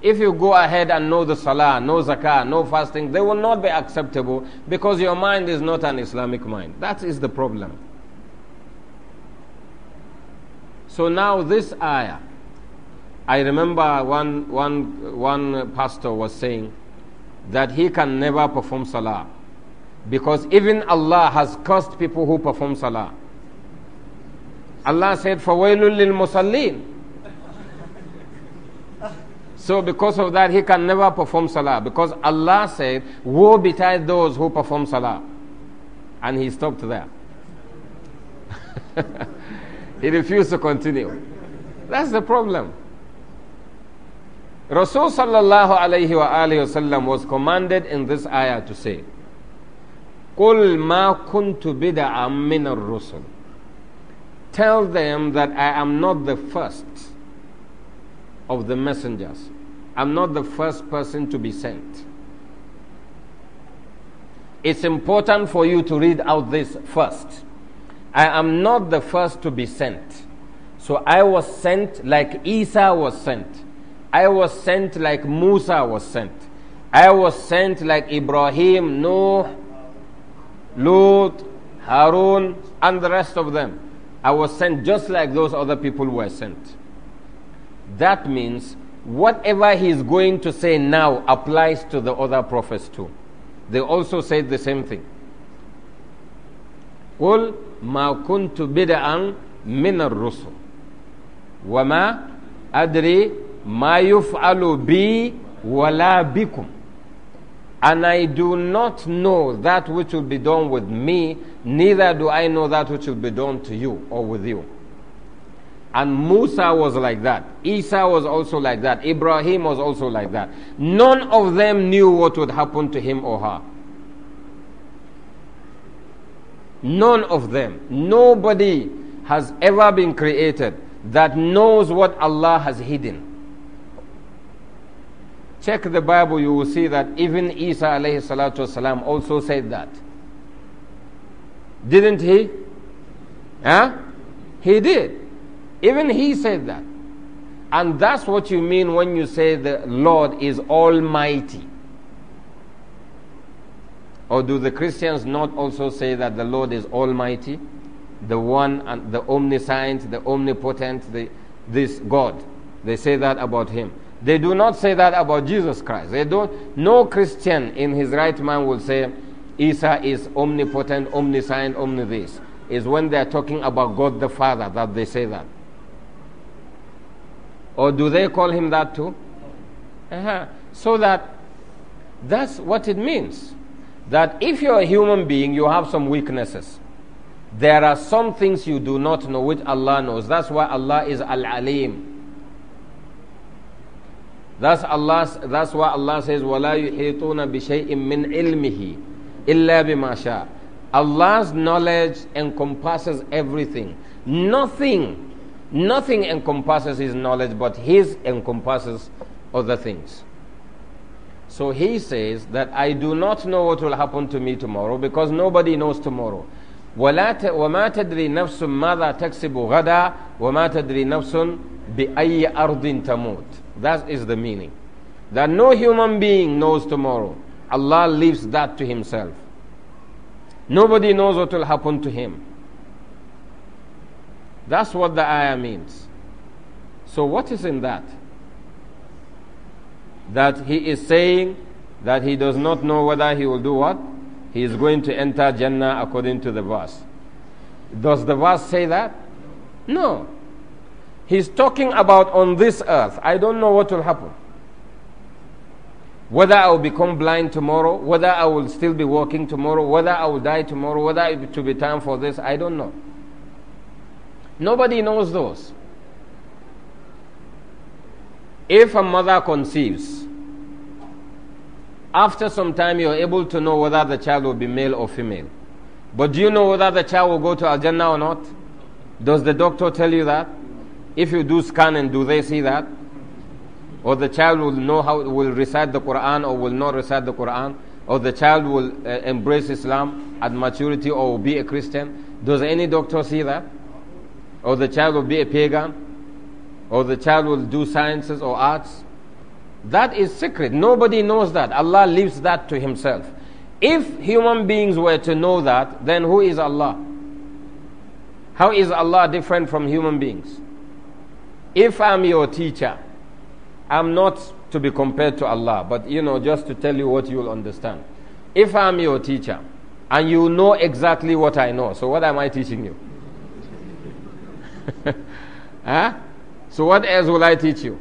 If you go ahead and know the salah, no zakah, no fasting, they will not be acceptable because your mind is not an Islamic mind. That is the problem. So now this ayah I remember one, one, one pastor was saying that he can never perform salah because even Allah has cursed people who perform salah. Allah said, فَوَيْلٌ لِلْمُصَلِّينَ so because of that, he can never perform salah because Allah said, woe betide those who perform salah. And he stopped there. he refused to continue. That's the problem. Rasul sallallahu alayhi wa alayhi was commanded in this ayah to say, قُلْ مَا كُنْتُ بِدَعًا مِّنَ الرُّسُلِ Tell them that I am not the first of the messengers. I'm not the first person to be sent. It's important for you to read out this first. I am not the first to be sent. So I was sent like Isa was sent. I was sent like Musa was sent. I was sent like Ibrahim, Noah, Lut, Harun, and the rest of them. I was sent just like those other people were sent. That means whatever he is going to say now applies to the other prophets too. They also said the same thing. قل ما كنت بدعا من الرسل وما أدري ma yuf'alu bi wala bikum. And I do not know that which will be done with me, neither do I know that which will be done to you or with you. And Musa was like that. Isa was also like that. Ibrahim was also like that. None of them knew what would happen to him or her. None of them. Nobody has ever been created that knows what Allah has hidden. Check the Bible, you will see that even Isa alayhi salatu wasalam also said that. Didn't he? Yeah, He did. Even he said that. And that's what you mean when you say the Lord is almighty. Or do the Christians not also say that the Lord is almighty? The one and the omniscient, the omnipotent, the, this God. They say that about him. They do not say that about Jesus Christ. They don't. No Christian in his right mind will say Isa is omnipotent, omniscient, omni Is when they are talking about God the Father that they say that. Or do they call him that too? Uh-huh. So that that's what it means. That if you're a human being, you have some weaknesses. There are some things you do not know which Allah knows. That's why Allah is Al Alim. That's Allah. That's what Allah says, "Wala yuhituna bishay'in min ilmihi illa bima sha." Allah's knowledge encompasses everything. Nothing, nothing encompasses His knowledge, but His encompasses other things. So He says that I do not know what will happen to me tomorrow because nobody knows tomorrow. ولا ت... وما تدري نفس ماذا تكسب غدا وما تدري نفس بأي أرض تموت that is the meaning. That no human being knows tomorrow. Allah leaves that to Himself. Nobody knows what will happen to him. That's what the ayah means. So, what is in that? That he is saying that he does not know whether he will do what? He is going to enter Jannah according to the verse. Does the verse say that? No. He's talking about on this earth. I don't know what will happen. Whether I will become blind tomorrow, whether I will still be walking tomorrow, whether I will die tomorrow, whether it will be time for this, I don't know. Nobody knows those. If a mother conceives, after some time you're able to know whether the child will be male or female. But do you know whether the child will go to Al Jannah or not? Does the doctor tell you that? If you do scan and do they see that? Or the child will know how, will recite the Quran or will not recite the Quran? Or the child will uh, embrace Islam at maturity or be a Christian? Does any doctor see that? Or the child will be a pagan? Or the child will do sciences or arts? That is secret. Nobody knows that. Allah leaves that to Himself. If human beings were to know that, then who is Allah? How is Allah different from human beings? If I'm your teacher, I'm not to be compared to Allah, but you know, just to tell you what you'll understand. If I'm your teacher and you know exactly what I know, so what am I teaching you? huh? So, what else will I teach you?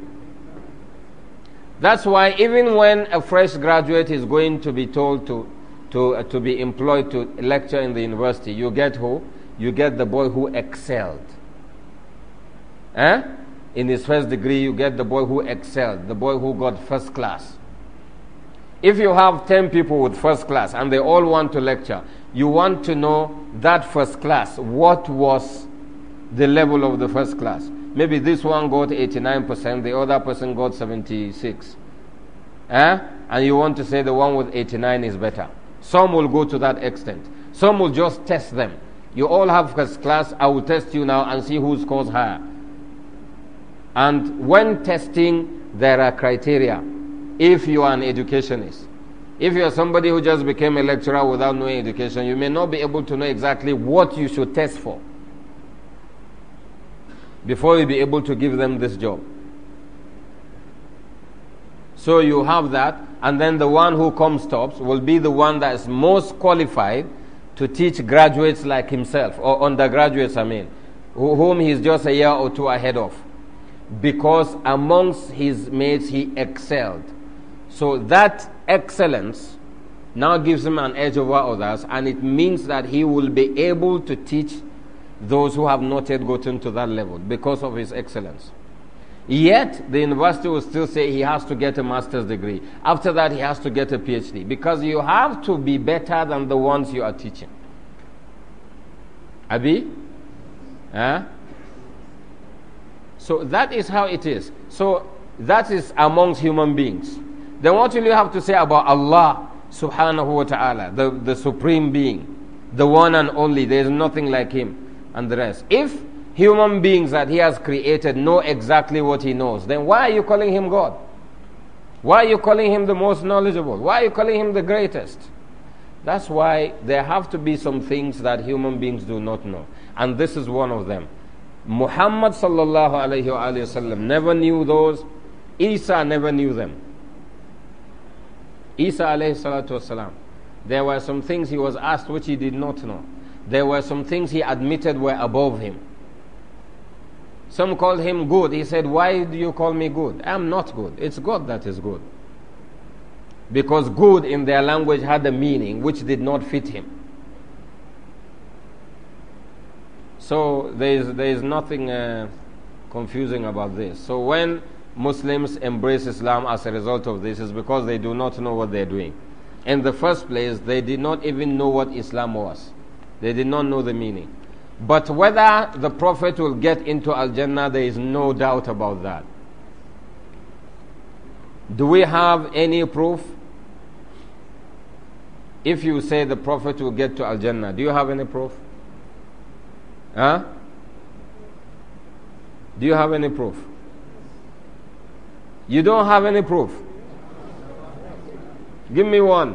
That's why, even when a fresh graduate is going to be told to, to, uh, to be employed to lecture in the university, you get who? You get the boy who excelled. Huh? in his first degree, you get the boy who excelled, the boy who got first class. If you have 10 people with first class and they all want to lecture, you want to know that first class. What was the level of the first class? Maybe this one got 89%, the other person got 76. Eh? And you want to say the one with 89 is better. Some will go to that extent. Some will just test them. You all have first class. I will test you now and see who scores higher. And when testing, there are criteria. If you are an educationist, if you are somebody who just became a lecturer without knowing education, you may not be able to know exactly what you should test for before you be able to give them this job. So you have that, and then the one who comes tops will be the one that is most qualified to teach graduates like himself, or undergraduates, I mean, whom he's just a year or two ahead of because amongst his mates he excelled. So that excellence now gives him an edge over others, and it means that he will be able to teach those who have not yet gotten to that level because of his excellence. Yet, the university will still say he has to get a master's degree. After that, he has to get a PhD because you have to be better than the ones you are teaching. Abi? Huh? So that is how it is. So that is amongst human beings. Then what will you have to say about Allah subhanahu wa ta'ala, the, the supreme being, the one and only? There is nothing like him and the rest. If human beings that he has created know exactly what he knows, then why are you calling him God? Why are you calling him the most knowledgeable? Why are you calling him the greatest? That's why there have to be some things that human beings do not know. And this is one of them. Muhammad sallallahu alayhi wasallam never knew those. Isa never knew them. Isa alayhi salatu wasalam. There were some things he was asked which he did not know. There were some things he admitted were above him. Some called him good. He said, Why do you call me good? I'm not good. It's God that is good. Because good in their language had a meaning which did not fit him. So there is, there is nothing uh, confusing about this. So when Muslims embrace Islam as a result of this, it's because they do not know what they're doing. In the first place, they did not even know what Islam was. They did not know the meaning. But whether the Prophet will get into Al Jannah, there is no doubt about that. Do we have any proof? If you say the Prophet will get to Al Jannah, do you have any proof? Huh? Do you have any proof? You don't have any proof. Give me one.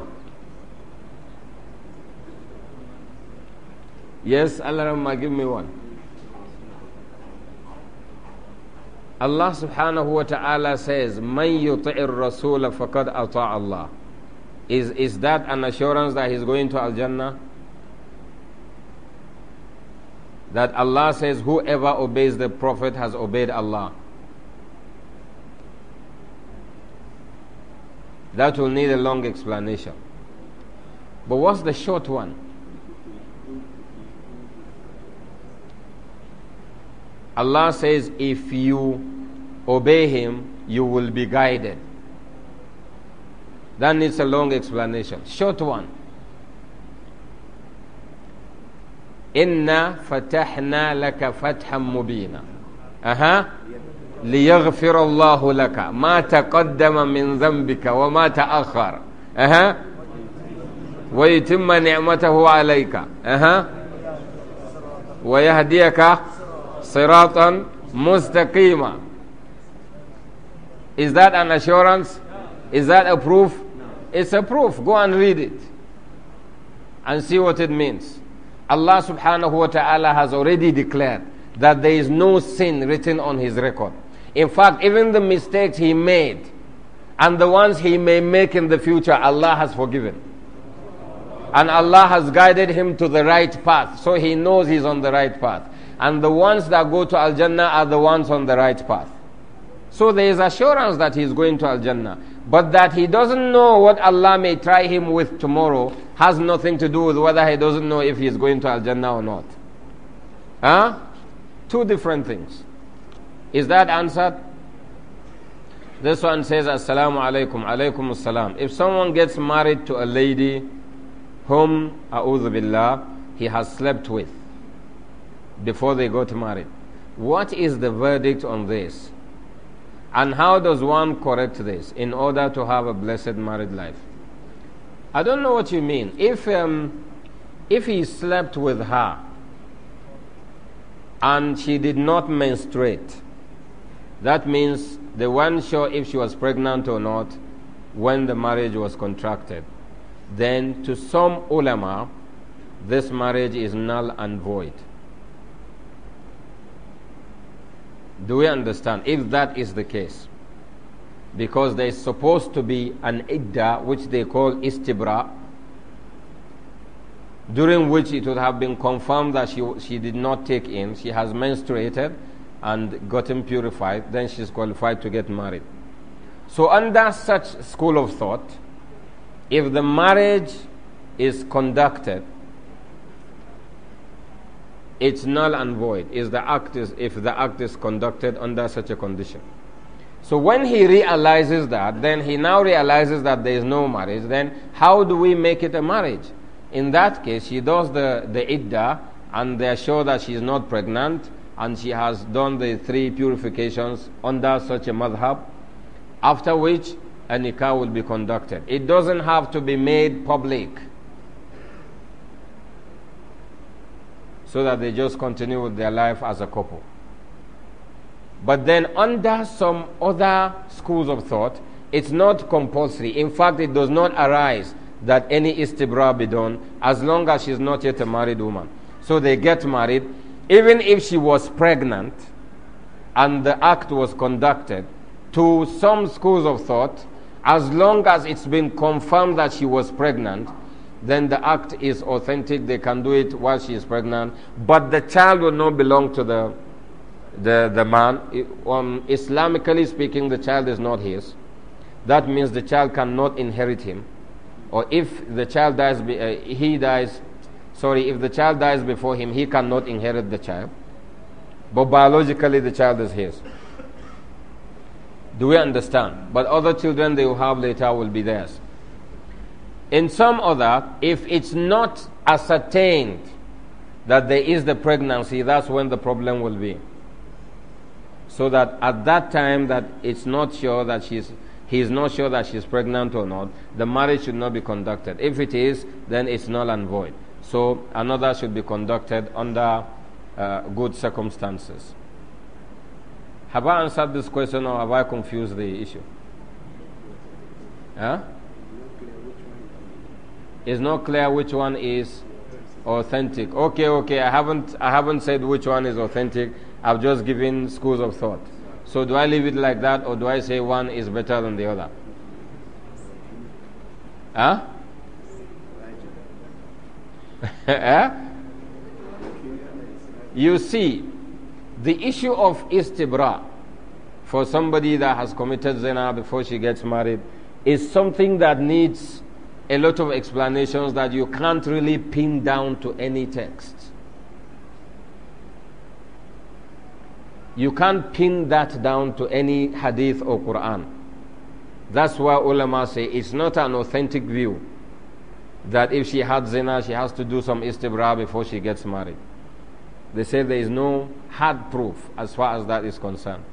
Yes, Allah give me one. Allah subhanahu wa ta'ala says, Man yuti'ir rasoola faqad ata Allah. Is, is that an assurance that he's going to Al Jannah? that Allah says, Whoever obeys the Prophet has obeyed Allah. That will need a long explanation. But what's the short one? Allah says, if you obey Him, you will be guided. That needs a long explanation. Short one. إنا فتحنا لك فتحا مبينا أها ليغفر الله لك ما تقدم من ذنبك وما تأخر أها ويتم نعمته عليك أها ويهديك صراطا مستقيما Is that an assurance? Is that a proof? It's a proof. Go and read it and see what it means. Allah subhanahu wa ta'ala has already declared that there is no sin written on his record. In fact, even the mistakes he made and the ones he may make in the future, Allah has forgiven. And Allah has guided him to the right path, so he knows he's on the right path. And the ones that go to Al Jannah are the ones on the right path. So there is assurance that he is going to Al Jannah. But that he doesn't know what Allah may try him with tomorrow has nothing to do with whether he doesn't know if he's going to Al Jannah or not. Huh? Two different things. Is that answered? This one says, Assalamu alaikum, alaikum assalam. If someone gets married to a lady whom, a'udhu billah, he has slept with before they got married, what is the verdict on this? And how does one correct this in order to have a blessed married life? I don't know what you mean. If, um, if he slept with her and she did not menstruate, that means they weren't sure if she was pregnant or not when the marriage was contracted. Then, to some ulama, this marriage is null and void. Do we understand? If that is the case, because there is supposed to be an idda which they call istibra, during which it would have been confirmed that she, she did not take in, she has menstruated and gotten purified, then she's qualified to get married. So, under such school of thought, if the marriage is conducted it's null and void is the act is, if the act is conducted under such a condition. So when he realizes that, then he now realizes that there is no marriage, then how do we make it a marriage? In that case, she does the, the idda and they are sure that she is not pregnant and she has done the three purifications under such a madhab, after which a nikah will be conducted. It doesn't have to be made public so that they just continue with their life as a couple. But then, under some other schools of thought, it's not compulsory. In fact, it does not arise that any istibra be done as long as she's not yet a married woman. So they get married. Even if she was pregnant and the act was conducted, to some schools of thought, as long as it's been confirmed that she was pregnant, then the act is authentic. They can do it while she is pregnant. But the child will not belong to the, the, the man. Um, Islamically speaking, the child is not his. That means the child cannot inherit him. Or if the child dies, uh, he dies, sorry, if the child dies before him, he cannot inherit the child. But biologically, the child is his. Do we understand? But other children they will have later will be theirs in some other, if it's not ascertained that there is the pregnancy, that's when the problem will be. So that at that time that it's not sure that she's he is not sure that she's pregnant or not, the marriage should not be conducted. If it is, then it's null and void. So another should be conducted under uh, good circumstances. Have I answered this question or have I confused the issue? Huh? It's not clear which one is authentic. Okay, okay, I haven't, I haven't said which one is authentic. I've just given schools of thought. So do I leave it like that or do I say one is better than the other? Huh? eh? You see, the issue of istibra for somebody that has committed zina before she gets married is something that needs a lot of explanations that you can't really pin down to any text. You can't pin that down to any hadith or Quran. That's why ulama say it's not an authentic view that if she had zina, she has to do some istibra before she gets married. They say there is no hard proof as far as that is concerned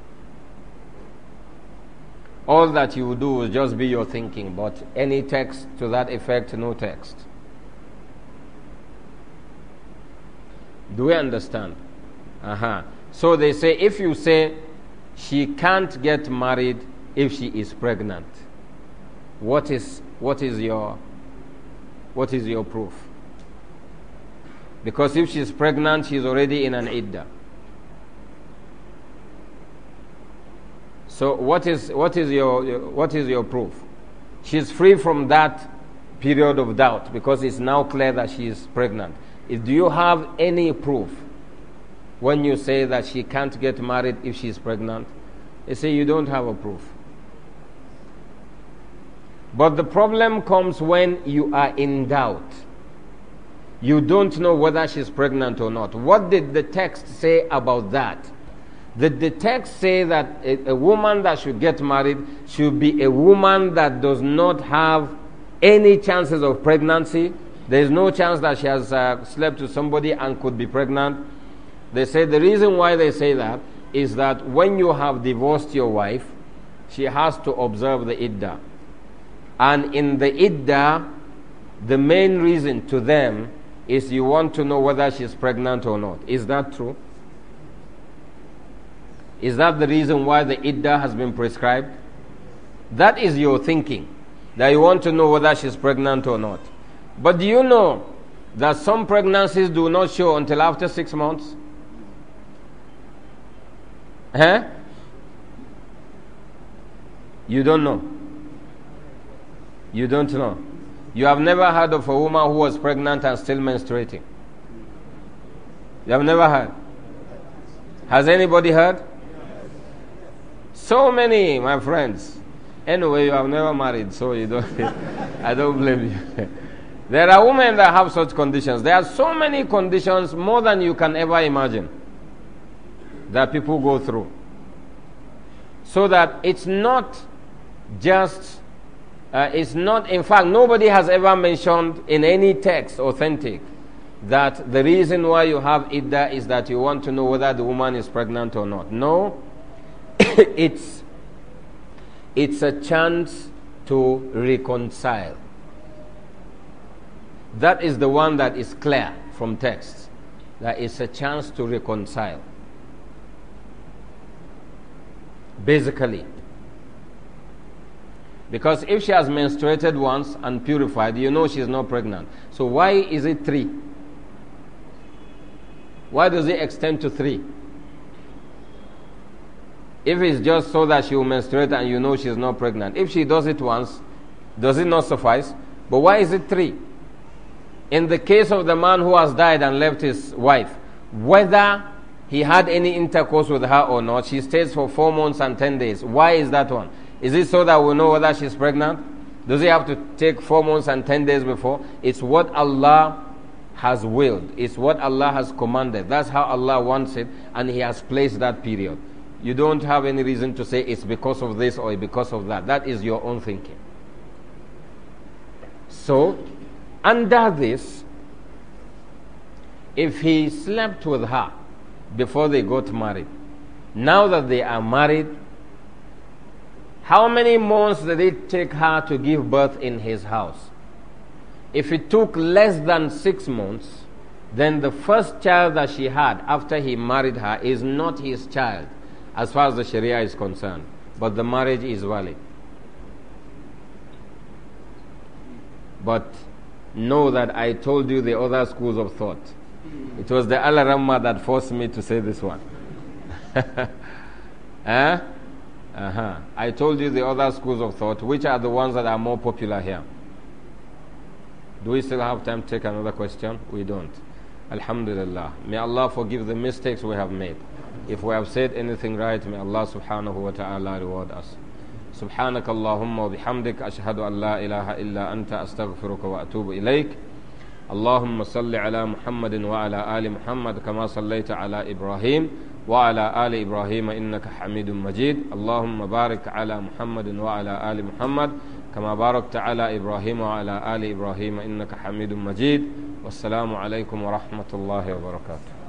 all that you do will just be your thinking, but any text to that effect, no text. Do we understand? Uh-huh. So they say if you say she can't get married if she is pregnant, what is what is your what is your proof? Because if she's pregnant, she's already in an iddah. So what is, what is, your, what is your proof? She's free from that period of doubt because it's now clear that she is pregnant. Do you have any proof when you say that she can't get married if she's pregnant? They say you don't have a proof. But the problem comes when you are in doubt. You don't know whether she's pregnant or not. What did the text say about that? the text say that a, a woman that should get married should be a woman that does not have any chances of pregnancy? There is no chance that she has uh, slept with somebody and could be pregnant. They say the reason why they say that is that when you have divorced your wife, she has to observe the idda. And in the idda, the main reason to them is you want to know whether she's pregnant or not. Is that true? Is that the reason why the iddah has been prescribed? That is your thinking, that you want to know whether she's pregnant or not. But do you know that some pregnancies do not show until after six months? Huh? You don't know. You don't know. You have never heard of a woman who was pregnant and still menstruating. You have never heard. Has anybody heard? So many, my friends. Anyway, you have never married, so you don't, I don't blame you. there are women that have such conditions. There are so many conditions, more than you can ever imagine, that people go through. So that it's not just, uh, it's not, in fact, nobody has ever mentioned in any text authentic that the reason why you have idda is that you want to know whether the woman is pregnant or not. No. it's it's a chance to reconcile. That is the one that is clear from text. That is a chance to reconcile. Basically. Because if she has menstruated once and purified, you know she's not pregnant. So why is it three? Why does it extend to three? If it's just so that she will menstruate and you know she's not pregnant, if she does it once, does it not suffice? But why is it three? In the case of the man who has died and left his wife, whether he had any intercourse with her or not, she stays for four months and ten days. Why is that one? Is it so that we know whether she's pregnant? Does he have to take four months and ten days before? It's what Allah has willed, it's what Allah has commanded. That's how Allah wants it, and He has placed that period. You don't have any reason to say it's because of this or because of that. That is your own thinking. So, under this, if he slept with her before they got married, now that they are married, how many months did it take her to give birth in his house? If it took less than six months, then the first child that she had after he married her is not his child as far as the Sharia is concerned, but the marriage is valid. But know that I told you the other schools of thought. It was the Alaramma that forced me to say this one. eh? uh-huh. I told you the other schools of thought, which are the ones that are more popular here. Do we still have time to take another question? We don't. Alhamdulillah. May Allah forgive the mistakes we have made. If we have said anything right, may Allah subhanahu wa ta'ala reward us. سبحانك اللهم وبحمدك أشهد أن لا إله إلا أنت أستغفرك وأتوب إليك اللهم صل على محمد وعلى آل محمد كما صليت على إبراهيم وعلى آل إبراهيم إنك حميد مجيد اللهم بارك على محمد وعلى آل محمد كما باركت على إبراهيم وعلى آل إبراهيم إنك حميد مجيد والسلام عليكم ورحمة الله وبركاته